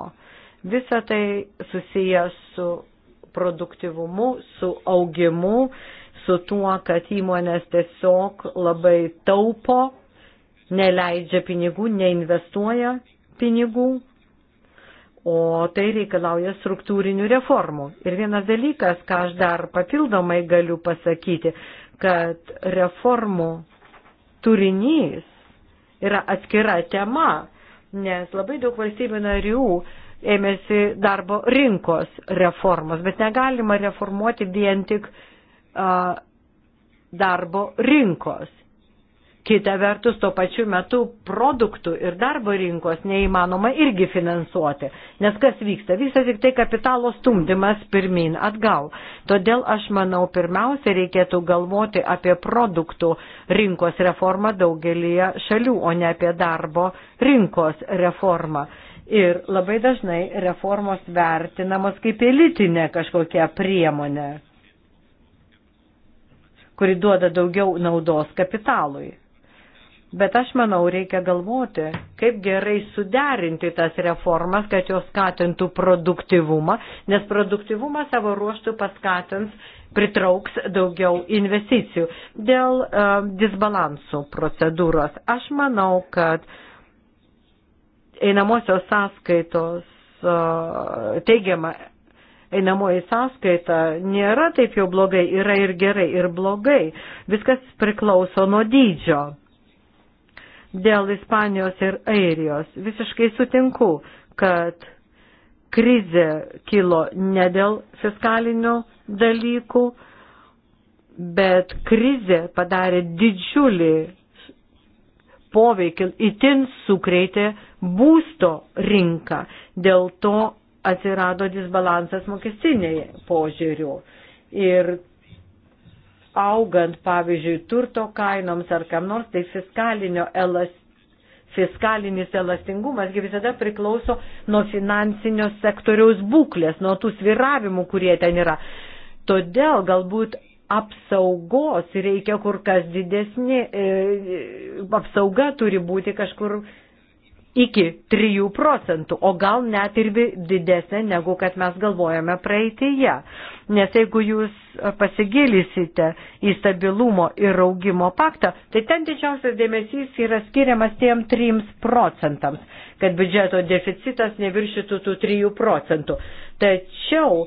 Visa tai susiję su produktivumu, su augimu, su tuo, kad įmonės tiesiog labai taupo, neleidžia pinigų, neinvestuoja pinigų, o tai reikalauja struktūrinių reformų. Ir vienas dalykas, ką aš dar papildomai galiu pasakyti, kad reformų turinys yra atskira tema, nes labai daug valstybių narių ėmėsi darbo rinkos reformos, bet negalima reformuoti vien tik a, darbo rinkos. Kita vertus, tuo pačiu metu produktų ir darbo rinkos neįmanoma irgi finansuoti, nes kas vyksta? Vyksta tik tai kapitalo stumdymas pirmin atgal. Todėl aš manau, pirmiausia, reikėtų galvoti apie produktų rinkos reformą daugelįje šalių, o ne apie darbo rinkos reformą. Ir labai dažnai reformos vertinamos kaip elitinė kažkokia priemonė kuri duoda daugiau naudos kapitalui. Bet aš manau, reikia galvoti, kaip gerai suderinti tas reformas, kad jos skatintų produktivumą, nes produktivumą savo ruoštų paskatins, pritrauks daugiau investicijų. Dėl uh, disbalansų procedūros aš manau, kad einamosios sąskaitos uh, teigiama einamoji sąskaita nėra taip jau blogai, yra ir gerai, ir blogai. Viskas priklauso nuo dydžio dėl Ispanijos ir Airijos. Visiškai sutinku, kad krizė kilo ne dėl fiskalinių dalykų, bet krizė padarė didžiulį poveikį, itin sukreitė būsto rinką. Dėl to atsirado disbalansas mokestinėje požiūriu. Ir augant, pavyzdžiui, turto kainoms ar kam nors, tai fiskalinio elas, fiskalinis elastingumas visada priklauso nuo finansinio sektoriaus būklės, nuo tų sviravimų, kurie ten yra. Todėl galbūt apsaugos reikia kur kas didesnė, e, apsauga turi būti kažkur iki 3 procentų, o gal net ir didesnė negu kad mes galvojame praeitėje. Nes jeigu jūs pasigilysite į stabilumo ir augimo paktą, tai ten didžiausias dėmesys yra skiriamas tiem 3 procentams, kad biudžeto deficitas neviršytų tų 3 procentų. Tačiau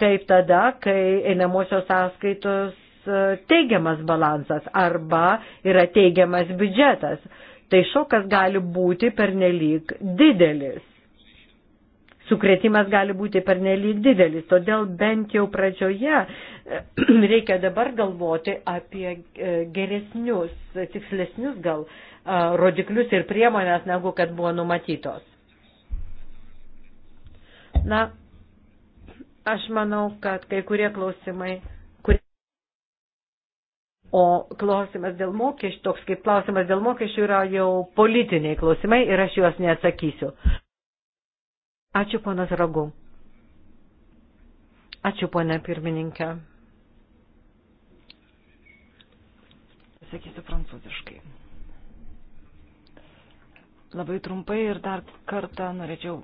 kaip tada, kai einamosios sąskaitos e, teigiamas balansas arba yra teigiamas biudžetas tai šokas gali būti pernelyg didelis. Sukretimas gali būti pernelyg didelis, todėl bent jau pradžioje reikia dabar galvoti apie e, geresnius, tikslesnius gal e, rodiklius ir priemonės, negu kad buvo numatytos. Na, aš manau, kad kai kurie klausimai O klausimas dėl mokesčių, toks kaip klausimas dėl mokesčių yra jau politiniai klausimai ir aš juos neatsakysiu. Ačiū, ponas Ragu. Ačiū, ponė pirmininkė. Sakysiu prancūziškai. Labai trumpai ir dar kartą norėčiau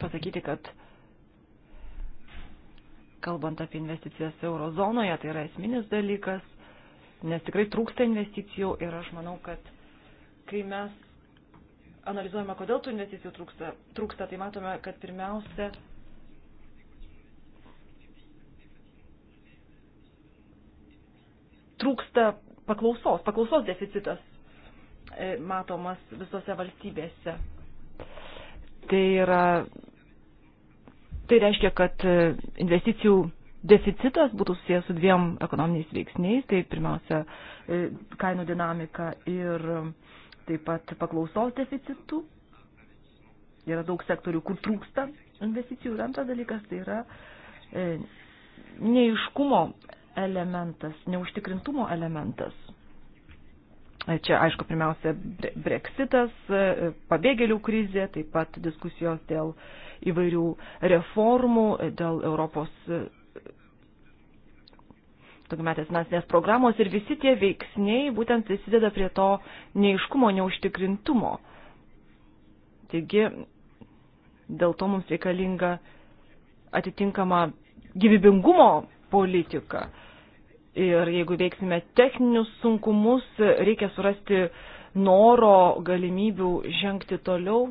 pasakyti, kad kalbant apie investicijas eurozonoje, tai yra esminis dalykas nes tikrai trūksta investicijų ir aš manau, kad kai mes analizuojame, kodėl tų investicijų trūksta, trūksta tai matome, kad pirmiausia, trūksta paklausos, paklausos deficitas e, matomas visose valstybėse. Tai yra, tai reiškia, kad e, investicijų deficitas būtų susijęs su dviem ekonominiais veiksniais, tai pirmiausia e, kainų dinamika ir e, taip pat paklausos deficitų. Yra daug sektorių, kur trūksta investicijų. Ir antras dalykas tai yra e, neiškumo elementas, neužtikrintumo elementas. Čia, aišku, pirmiausia, breksitas, pabėgėlių krizė, taip pat diskusijos dėl įvairių reformų, dėl Europos daugiametės finansinės programos ir visi tie veiksniai būtent prisideda prie to neiškumo, neužtikrintumo. Taigi dėl to mums reikalinga atitinkama gyvybingumo politika. Ir jeigu veiksime techninius sunkumus, reikia surasti noro galimybių žengti toliau,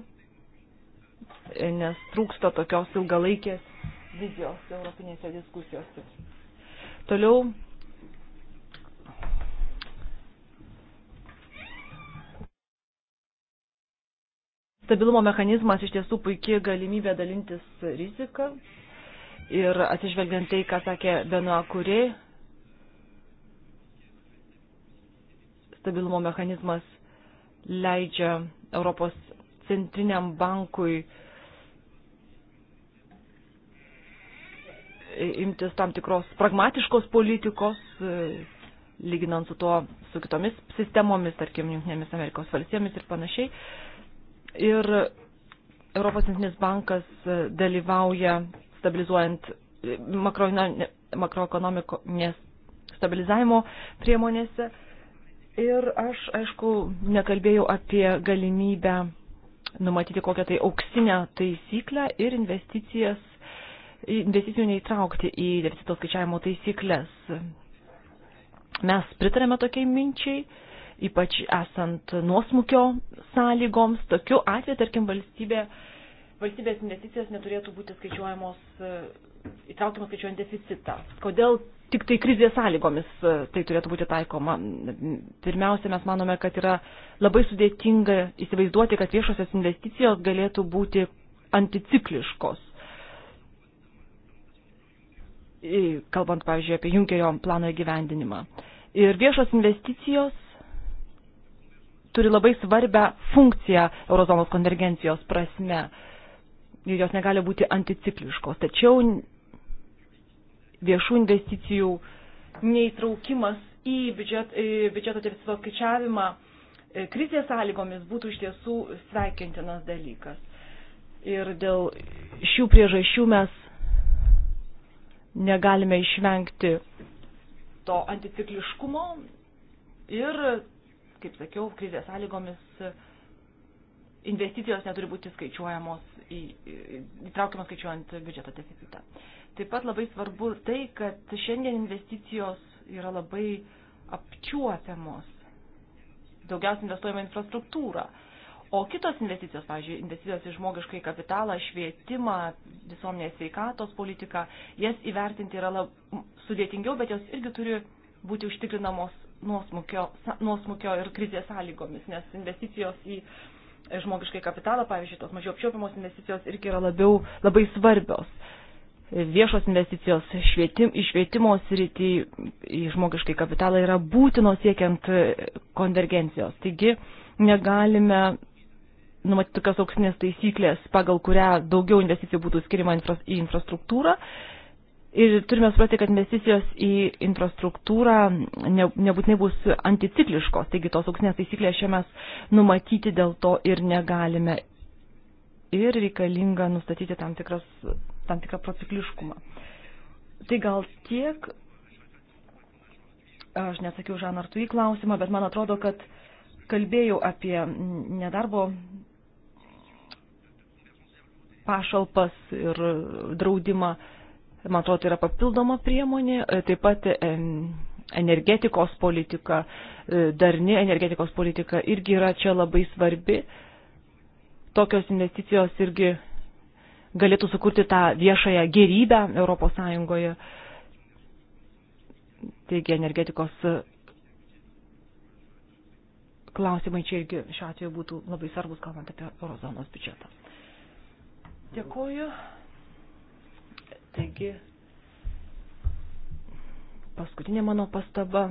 nes trūksta tokios ilgalaikės vizijos europinėse diskusijose. Toliau Stabilumo mechanizmas iš tiesų puikia galimybė dalintis riziką ir atsižvelgiant tai, ką sakė Benoa Kuri, stabilumo mechanizmas leidžia Europos centriniam bankui imtis tam tikros pragmatiškos politikos, lyginant su to, su kitomis sistemomis, tarkim, Junktinėmis Amerikos valstybėmis ir panašiai. Ir Europos centrinis bankas dalyvauja stabilizuojant makroekonominės stabilizavimo priemonėse. Ir aš, aišku, nekalbėjau apie galimybę numatyti kokią tai auksinę taisyklę ir investicijas, investicijų neįtraukti į deficito skaičiavimo taisyklės. Mes pritarėme tokiai minčiai ypač esant nuosmukio sąlygoms. Tokiu atveju, tarkim, valstybė, valstybės investicijos neturėtų būti skaičiuojamos, e, įtraukiamas skaičiuojant deficitą. Kodėl tik tai krizės sąlygomis e, tai turėtų būti taikoma. Pirmiausia, mes manome, kad yra labai sudėtinga įsivaizduoti, kad viešosios investicijos galėtų būti anticikliškos. E, kalbant, pavyzdžiui, apie Junkerio plano įgyvendinimą. Ir viešos investicijos turi labai svarbę funkciją eurozonos konvergencijos prasme. Ir jos negali būti anticikliškos. Tačiau viešų investicijų neįtraukimas į biudžet, biudžeto deficito skaičiavimą e, krizės sąlygomis būtų iš tiesų sveikintinas dalykas. Ir dėl šių priežasčių mes negalime išvengti to anticikliškumo ir kaip sakiau, krizės sąlygomis investicijos neturi būti skaičiuojamos, į, įtraukiamos skaičiuojant biudžeto deficitą. Taip pat labai svarbu tai, kad šiandien investicijos yra labai apčiuopiamos. Daugiausiai investuojama infrastruktūra. O kitos investicijos, pavyzdžiui, investicijos į žmogiškai kapitalą, švietimą, visuomenės sveikatos politiką, jas įvertinti yra lab... sudėtingiau, bet jos irgi turi būti užtikrinamos nuosmukio, nuosmukio ir krizės sąlygomis, nes investicijos į e, žmogiškai kapitalą, pavyzdžiui, tos mažiau apčiopiamos investicijos irgi yra labiau, labai svarbios. E, viešos investicijos švietim, į švietimo sritį, į žmogiškai kapitalą yra būtinos siekiant e, konvergencijos. Taigi negalime numatyti tokios auksinės taisyklės, pagal kurią daugiau investicijų būtų skirima infra, į infrastruktūrą Ir turime suprasti, kad investicijos į infrastruktūrą ne, nebūtinai bus anticikliškos, taigi tos auksinės taisyklės čia mes numatyti dėl to ir negalime. Ir reikalinga nustatyti tam, tikras, tam tikrą procikliškumą. Tai gal tiek, aš nesakiau Žan Artui klausimą, bet man atrodo, kad kalbėjau apie nedarbo pašalpas ir draudimą man atrodo, tai yra papildoma priemonė, e, taip pat e, energetikos politika, e, darni energetikos politika irgi yra čia labai svarbi. Tokios investicijos irgi galėtų sukurti tą viešąją gerybę Europos Sąjungoje. Taigi energetikos klausimai čia irgi šiuo atveju būtų labai svarbus, kalbant apie eurozonos biudžetą. Dėkuoju. Taigi, paskutinė mano pastaba.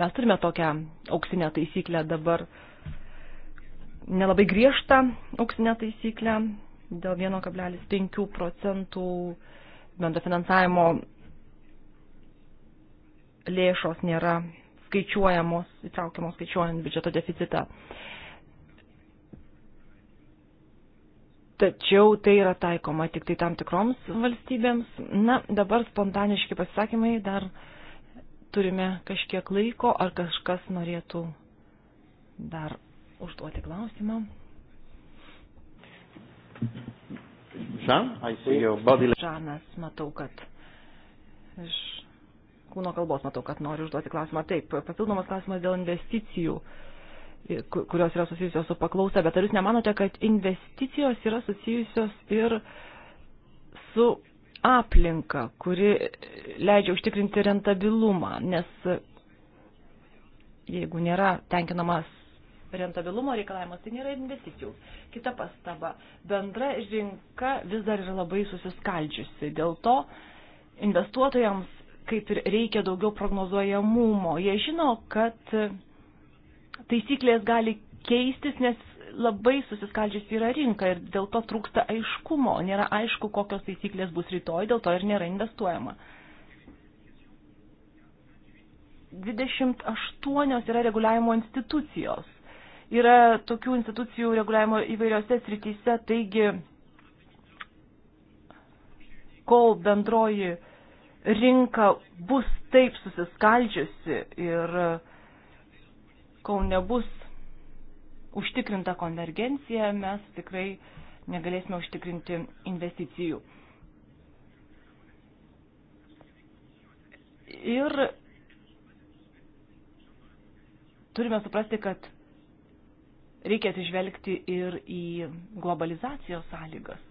Mes turime tokią auksinę taisyklę dabar, nelabai griežtą auksinę taisyklę dėl 1,5 procentų bendro finansavimo lėšos nėra skaičiuojamos, įtraukiamos skaičiuojant biudžeto deficitą. tačiau tai yra taikoma tik tai tam tikroms valstybėms. Na, dabar spontaniški pasisakymai, dar turime kažkiek laiko, ar kažkas norėtų dar užduoti klausimą. Žanas, matau, kad iš kūno kalbos matau, kad noriu užduoti klausimą. Taip, papildomas klausimas dėl investicijų. Uh, kurios yra susijusios su paklausa, bet ar jūs nemanote, kad investicijos yra susijusios ir su aplinka, kuri leidžia užtikrinti rentabilumą, nes jeigu nėra tenkinamas rentabilumo reikalavimas, tai nėra investicijų. Kita pastaba, bendra rinka vis dar yra labai susiskaldžiusi, dėl to investuotojams kaip ir reikia daugiau prognozuojamumo. Jie žino, kad taisyklės gali keistis, nes labai susiskaldžius yra rinka ir dėl to trūksta aiškumo, nėra aišku, kokios taisyklės bus rytoj, dėl to ir nėra investuojama. 28 yra reguliavimo institucijos. Yra tokių institucijų reguliavimo įvairiose srityse, taigi kol bendroji rinka bus taip susiskaldžiusi ir uh, kol nebus užtikrinta konvergencija, mes tikrai negalėsime užtikrinti investicijų. Ir turime suprasti, kad reikia atsižvelgti ir į globalizacijos sąlygas.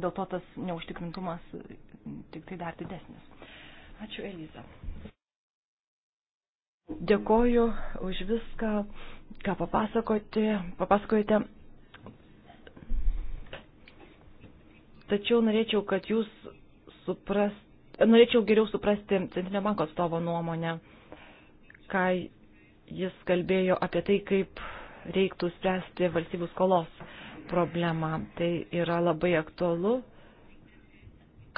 Dėl to tas neužtikrintumas tik tai dar didesnis. Ačiū, Eliza. Dėkoju už viską, ką papasakojate. Tačiau norėčiau, kad jūs suprast, norėčiau geriau suprasti Centrinio banko atstovo nuomonę, ką jis kalbėjo apie tai, kaip reiktų spręsti valstybių skolos problemą. Tai yra labai aktualu,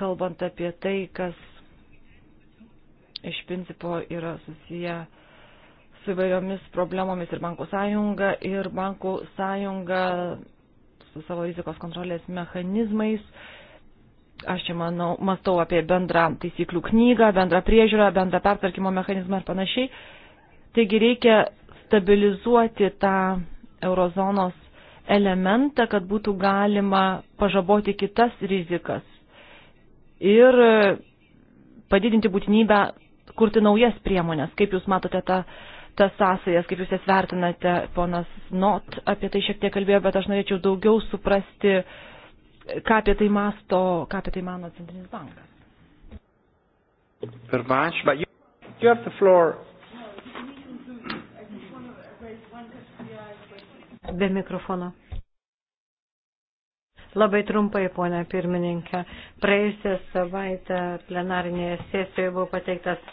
kalbant apie tai, kas iš principo yra susiję su su įvairiomis problemomis ir bankų sąjunga, ir bankų sąjunga su savo rizikos kontrolės mechanizmais. Aš čia manau, mastau apie bendrą taisyklių knygą, bendrą priežiūrą, bendrą pertvarkymo mechanizmą ir panašiai. Taigi reikia stabilizuoti tą eurozonos elementą, kad būtų galima pažaboti kitas rizikas ir padidinti būtinybę kurti naujas priemonės. Kaip Jūs matote tą tas sąsajas, kaip jūs jas vertinate, ponas Not apie tai šiek tiek kalbėjo, bet aš norėčiau daugiau suprasti, ką apie tai masto, ką apie tai mano Centrinis bankas. Pervanš, but you, you have the floor. Be mikrofono. Labai trumpai, ponia pirmininkė, praėjusią savaitę plenarinėje sesijoje buvo pateiktas,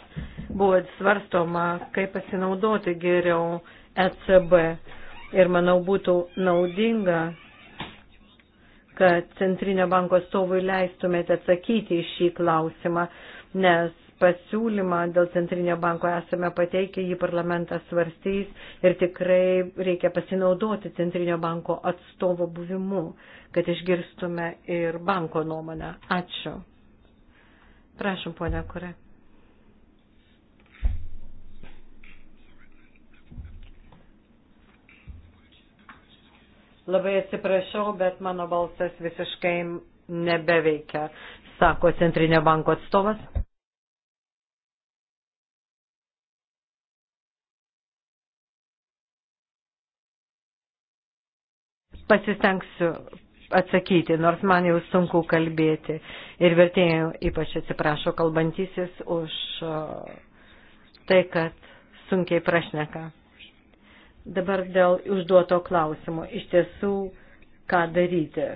buvo svarstoma, kaip pasinaudoti geriau ECB. Ir manau būtų naudinga, kad Centrinio banko atstovui leistumėte atsakyti į šį klausimą, nes pasiūlymą dėl Centrinio banko esame pateikę, jį parlamentas svarstys ir tikrai reikia pasinaudoti Centrinio banko atstovo buvimu, kad išgirstume ir banko nuomonę. Ačiū. Prašom, ponia Kure. Labai atsiprašau, bet mano balsas visiškai nebeveikia, sako Centrinio banko atstovas. pasistengsiu atsakyti, nors man jau sunku kalbėti. Ir vertėjai ypač atsiprašo kalbantysis už tai, kad sunkiai prašneka. Dabar dėl užduoto klausimo. Iš tiesų, ką daryti?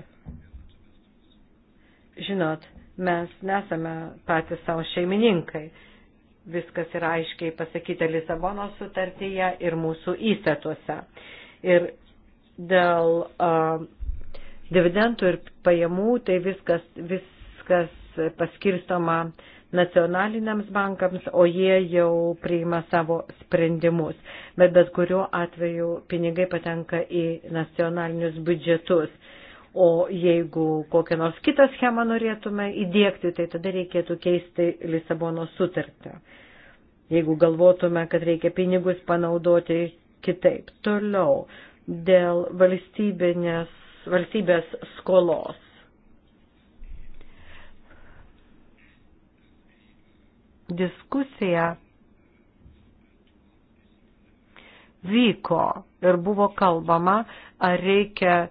Žinot, mes nesame patys savo šeimininkai. Viskas yra aiškiai pasakyta Lisabono sutartyje ir mūsų įstatuose. Ir dėl uh, dividendų ir pajamų, tai viskas, viskas paskirstoma nacionaliniams bankams, o jie jau priima savo sprendimus. Bet bet kuriuo atveju pinigai patenka į nacionalinius biudžetus. O jeigu kokią nors kitą schemą norėtume įdėkti, tai tada reikėtų keisti Lisabono sutartą. Jeigu galvotume, kad reikia pinigus panaudoti kitaip. Toliau dėl valstybės skolos. Diskusija vyko ir buvo kalbama, ar reikia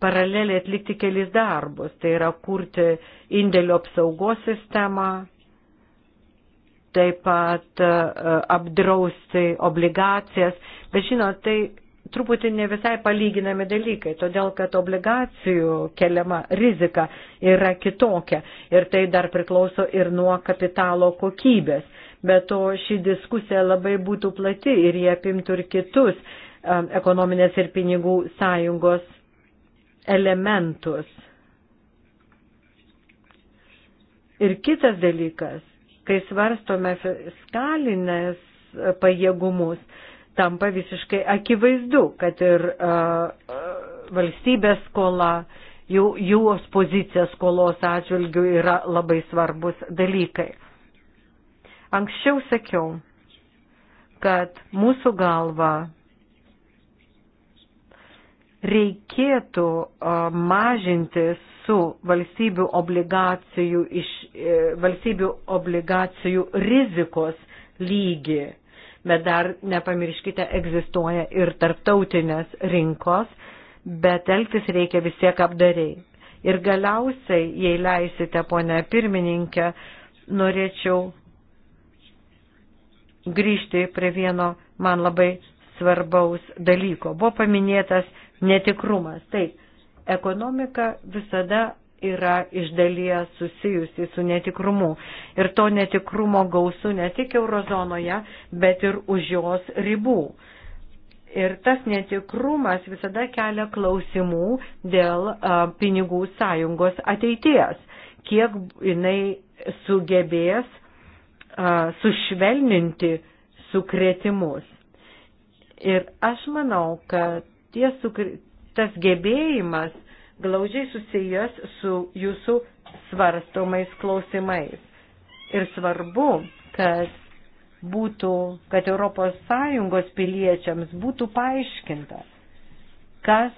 paraleliai atlikti kelis darbus, tai yra kurti indėlių apsaugos sistemą, taip pat e, apdrausti obligacijas. Bet žinot, tai truputį ne visai palyginami dalykai, todėl kad obligacijų keliama rizika yra kitokia ir tai dar priklauso ir nuo kapitalo kokybės. Bet to ši diskusija labai būtų plati ir jie apimtų ir kitus e, ekonominės ir pinigų sąjungos elementus. Ir kitas dalykas, kai svarstome fiskalinės pajėgumus, tampa visiškai akivaizdu, kad ir uh, valstybės skola, jų, jų pozicija skolos atžvilgių yra labai svarbus dalykai. Anksčiau sakiau, kad mūsų galva reikėtų mažintis su valstybių obligacijų, iš, e, valstybių obligacijų rizikos lygį. Bet dar nepamirškite, egzistuoja ir tarptautinės rinkos, bet elgtis reikia vis tiek apdariai. Ir galiausiai, jei leisite, ponė pirmininkė, norėčiau grįžti prie vieno man labai svarbaus dalyko. Buvo paminėtas netikrumas. Taip, ekonomika visada yra iš dalies susijusi su netikrumu. Ir to netikrumo gausu ne tik eurozonoje, bet ir už jos ribų. Ir tas netikrumas visada kelia klausimų dėl a, pinigų sąjungos ateities, kiek jinai sugebės a, sušvelninti sukretimus. Ir aš manau, kad tie sukre, tas gebėjimas glaudžiai susijęs su jūsų svarstomais klausimais. Ir svarbu, kad būtų, kad ES piliečiams būtų paaiškinta, kas,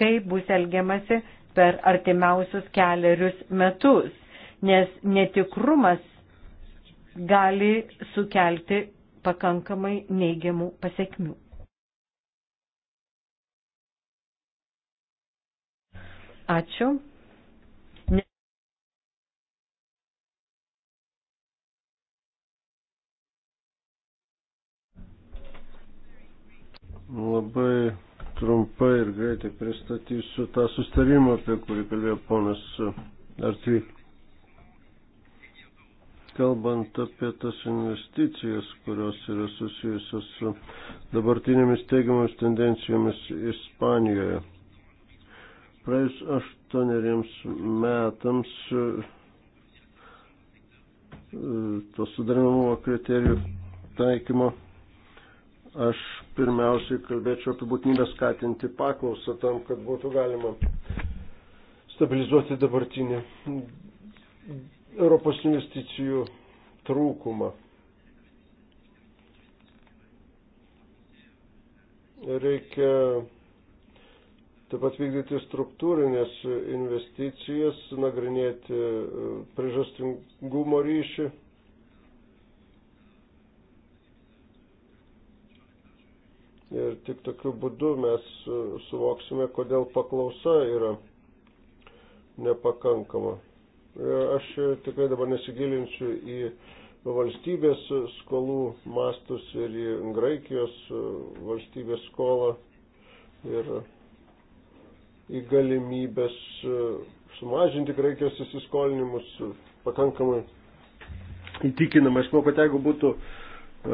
kaip bus elgiamasi per artimiausius keliarius metus, nes netikrumas gali sukelti pakankamai neigiamų pasiekmių. Ačiū. Labai trumpai ir greitai pristatysiu tą sustarimą, apie kurį kalbėjo ponas Artvy. Kalbant apie tas investicijas, kurios yra susijusios su dabartinėmis teigiamomis tendencijomis Ispanijoje. Praėjus aštuoneriems metams to sudarinamumo kriterijų taikymo aš pirmiausiai kalbėčiau apie būtinybę skatinti paklausą tam, kad būtų galima stabilizuoti dabartinį Europos investicijų trūkumą. Reikia taip pat vykdyti struktūrinės investicijas, nagrinėti e, priežastingumo ryšį. Ir tik tokiu būdu mes e, suvoksime, kodėl paklausa yra nepakankama. Ir e, aš tikrai dabar nesigilinsiu į valstybės skolų mastus ir į Graikijos valstybės skolą ir į galimybės e, sumažinti Graikijos įsiskolinimus e, pakankamai įtikinamai. Aš manau, kad jeigu būtų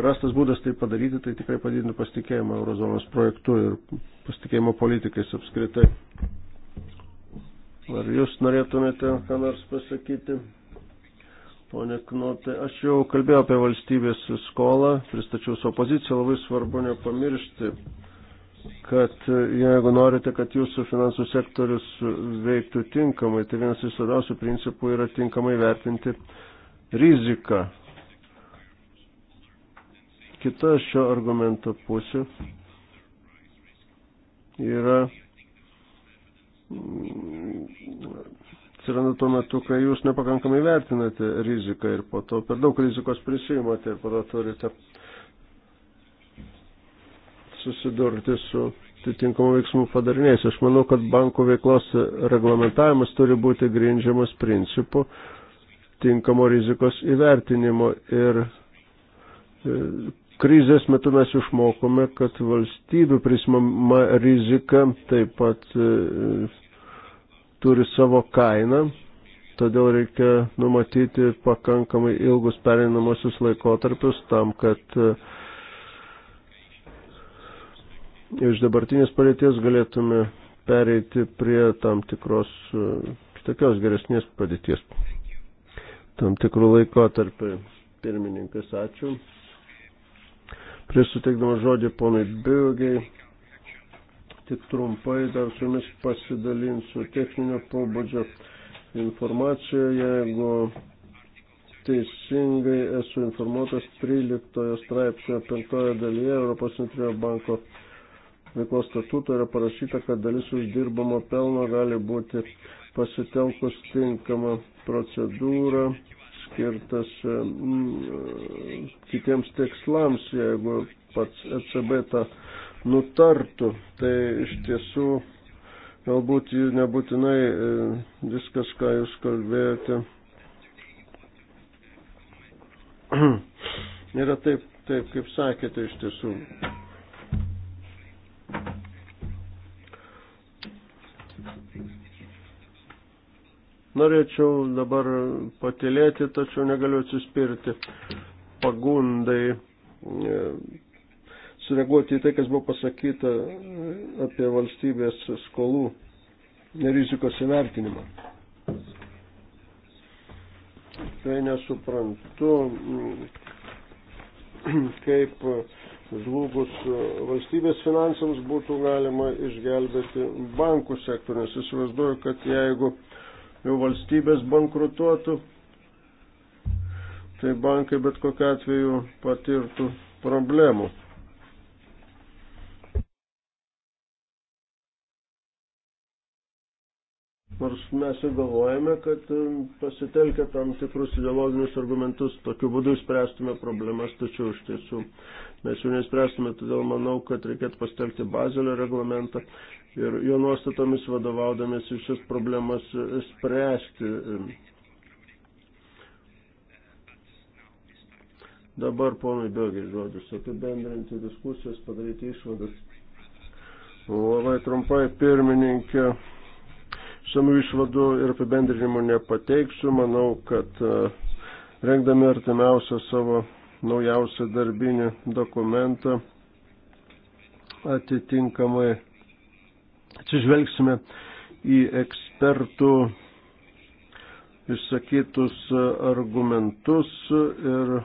rastas būdas tai padaryti, tai tikrai padidintų pasitikėjimą Eurozonos projektu ir pasitikėjimo politikais apskritai. Ar jūs norėtumėte ką nors pasakyti? Pone Knotai, aš jau kalbėjau apie valstybės skolą, pristačiau savo poziciją, labai svarbu nepamiršti kad e, jeigu norite, kad jūsų finansų sektorius veiktų tinkamai, tai vienas iš svarbiausių principų yra tinkamai vertinti riziką. Kita šio argumento pusė yra mm, atsiranda tuo metu, kai jūs nepakankamai vertinate riziką ir po to per daug rizikos prisimate ir po to turite susidurti su atitinkamų veiksmų padariniais. Aš manau, kad bankų veiklos reglamentavimas turi būti grindžiamas principu tinkamo rizikos įvertinimo ir e, krizės metu mes išmokome, kad valstybių prisimama rizika taip pat e, turi savo kainą, todėl reikia numatyti pakankamai ilgus perinamosius laikotarpius tam, kad uh, iš dabartinės padėties galėtume pereiti prie tam tikros e, kitokios geresnės padėties. Tam tikrų laikotarpį pirmininkas, ačiū. Prieš suteikdama žodį ponai Biugiai, tik trumpai dar su jumis pasidalinsiu techninio pobūdžio informaciją, jeigu teisingai esu informuotas 13 straipsnio 5 dalyje Europos centrinio banko veiklos statuto yra parašyta, kad dalis uždirbamo pelno gali būti pasitelkus tinkamą procedūrą skirtas e, e, kitiems tikslams, jeigu pats ECB tą nutartų. Tai iš tiesų galbūt nebūtinai e, viskas, ką jūs kalbėjote, yra taip, taip kaip sakėte iš tiesų. Norėčiau dabar patilėti, tačiau negaliu atsispirti pagundai e, sureaguoti į tai, kas buvo pasakyta apie valstybės skolų rizikos įvertinimą. Tai nesuprantu, kaip žlugus valstybės finansams būtų galima išgelbėti bankų sektorių, nes įsivaizduoju, kad jeigu jau valstybės bankrutuotų, tai bankai bet kokiu atveju patirtų problemų. Nors mes ir galvojame, kad um, pasitelkę tam tikrus ideologinius argumentus, tokiu būdu spręstume problemas, tačiau iš tiesų mes jų nespręstume, todėl manau, kad reikėtų pasitelkti bazelio reglamentą ir jo nuostatomis vadovaudomės iš šias problemas spręsti. Dabar ponui Bėgiai žodis apibendrinti diskusijas, padaryti išvadas. Labai trumpai pirmininkė, samų išvadų ir apibendrinimų nepateiksiu. Manau, kad e, rengdami artimiausią savo naujausią darbinį dokumentą atitinkamai atsižvelgsime į ekspertų išsakytus argumentus ir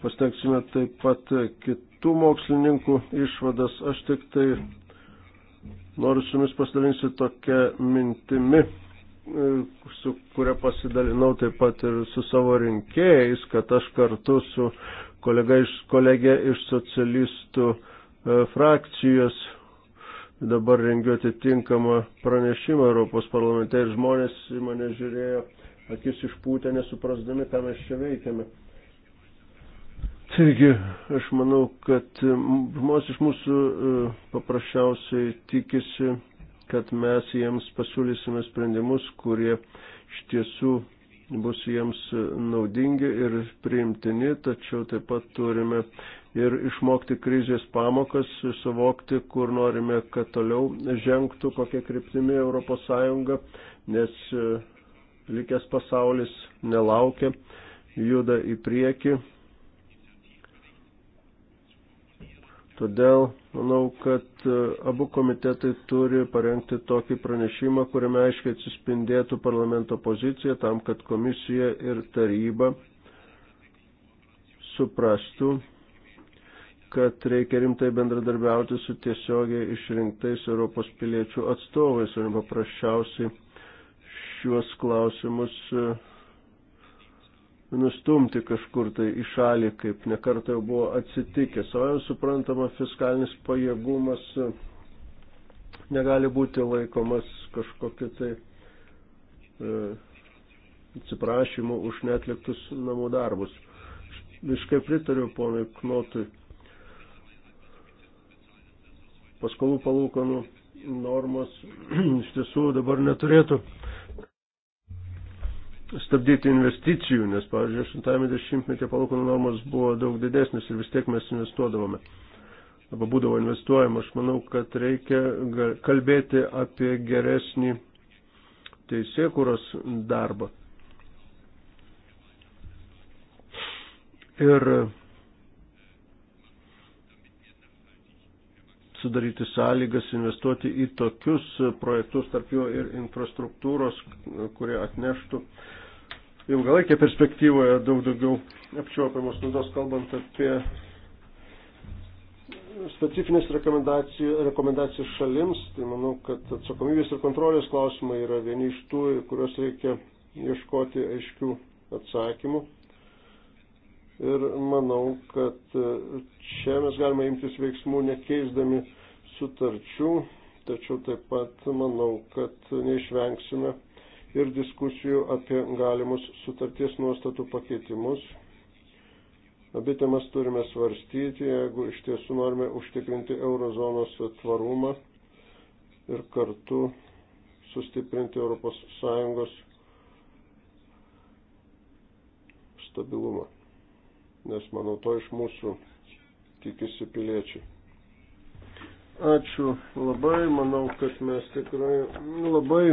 pasteksime taip pat kitų mokslininkų išvadas. Aš tik tai noriu su jumis pasidalinsiu tokią mintimį, su kuria pasidalinau taip pat ir su savo rinkėjais, kad aš kartu su kolega iš, kolegė iš socialistų e, frakcijos dabar rengiu atitinkamą pranešimą Europos parlamente ir žmonės į mane žiūrėjo akis išpūtę, nesuprasdami, ką mes čia veikiame. Taigi, aš manau, kad žmonės iš mūsų e, paprasčiausiai tikisi, kad mes jiems pasiūlysime sprendimus, kurie iš tiesų bus jiems naudingi ir priimtini, tačiau taip pat turime ir išmokti krizės pamokas, suvokti, kur norime, kad toliau žengtų kokia kryptimi ES, nes e, likęs pasaulis nelaukia, juda į priekį. Todėl manau, kad e, abu komitetai turi parengti tokį pranešimą, kuriame aiškiai atsispindėtų parlamento pozicija tam, kad komisija ir taryba suprastų, kad reikia rimtai bendradarbiauti su tiesiogiai išrinktais Europos piliečių atstovais ir paprasčiausiai šiuos klausimus e, nustumti kažkur tai į šalį, kaip nekartą jau buvo atsitikę. Savai suprantama, fiskalinis pajėgumas e, negali būti laikomas kažkokiu tai e, atsiprašymu už netliktus namų darbus. Visiškai pritariu ponui Knotui paskolų palūkanų normos iš tiesų dabar neturėtų stabdyti investicijų, nes, pavyzdžiui, 80-metį palūkanų normos buvo daug didesnis ir vis tiek mes investuodavome. Arba būdavo investuojama. Aš manau, kad reikia kalbėti apie geresnį teisėkuros darbą. Ir sudaryti sąlygas investuoti į tokius projektus, tarp jų ir infrastruktūros, kurie atneštų ilgalaikė perspektyvoje daug daugiau apčiuopiamos naudos, kalbant apie specifinės rekomendacijas šalims, tai manau, kad atsakomybės ir kontrolės klausimai yra vieni iš tų, kuriuos reikia ieškoti aiškių atsakymų. Ir manau, kad e, čia mes galime imtis veiksmų nekeisdami sutarčių, tačiau taip pat manau, kad neišvengsime ir diskusijų apie galimus sutarties nuostatų pakeitimus. Abi temas turime svarstyti, jeigu iš tiesų norime užtikrinti eurozonos tvarumą ir kartu sustiprinti ES stabilumą nes manau to iš mūsų tikisi piliečiai. Ačiū labai, manau, kad mes tikrai nu, labai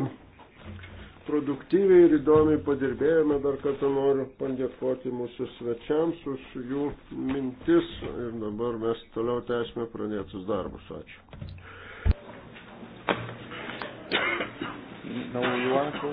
produktyviai ir įdomiai padirbėjome. Dar kartą noriu padėkoti mūsų svečiams už jų mintis ir dabar mes toliau tęsime pradėtus darbus. Ačiū. No, you want to...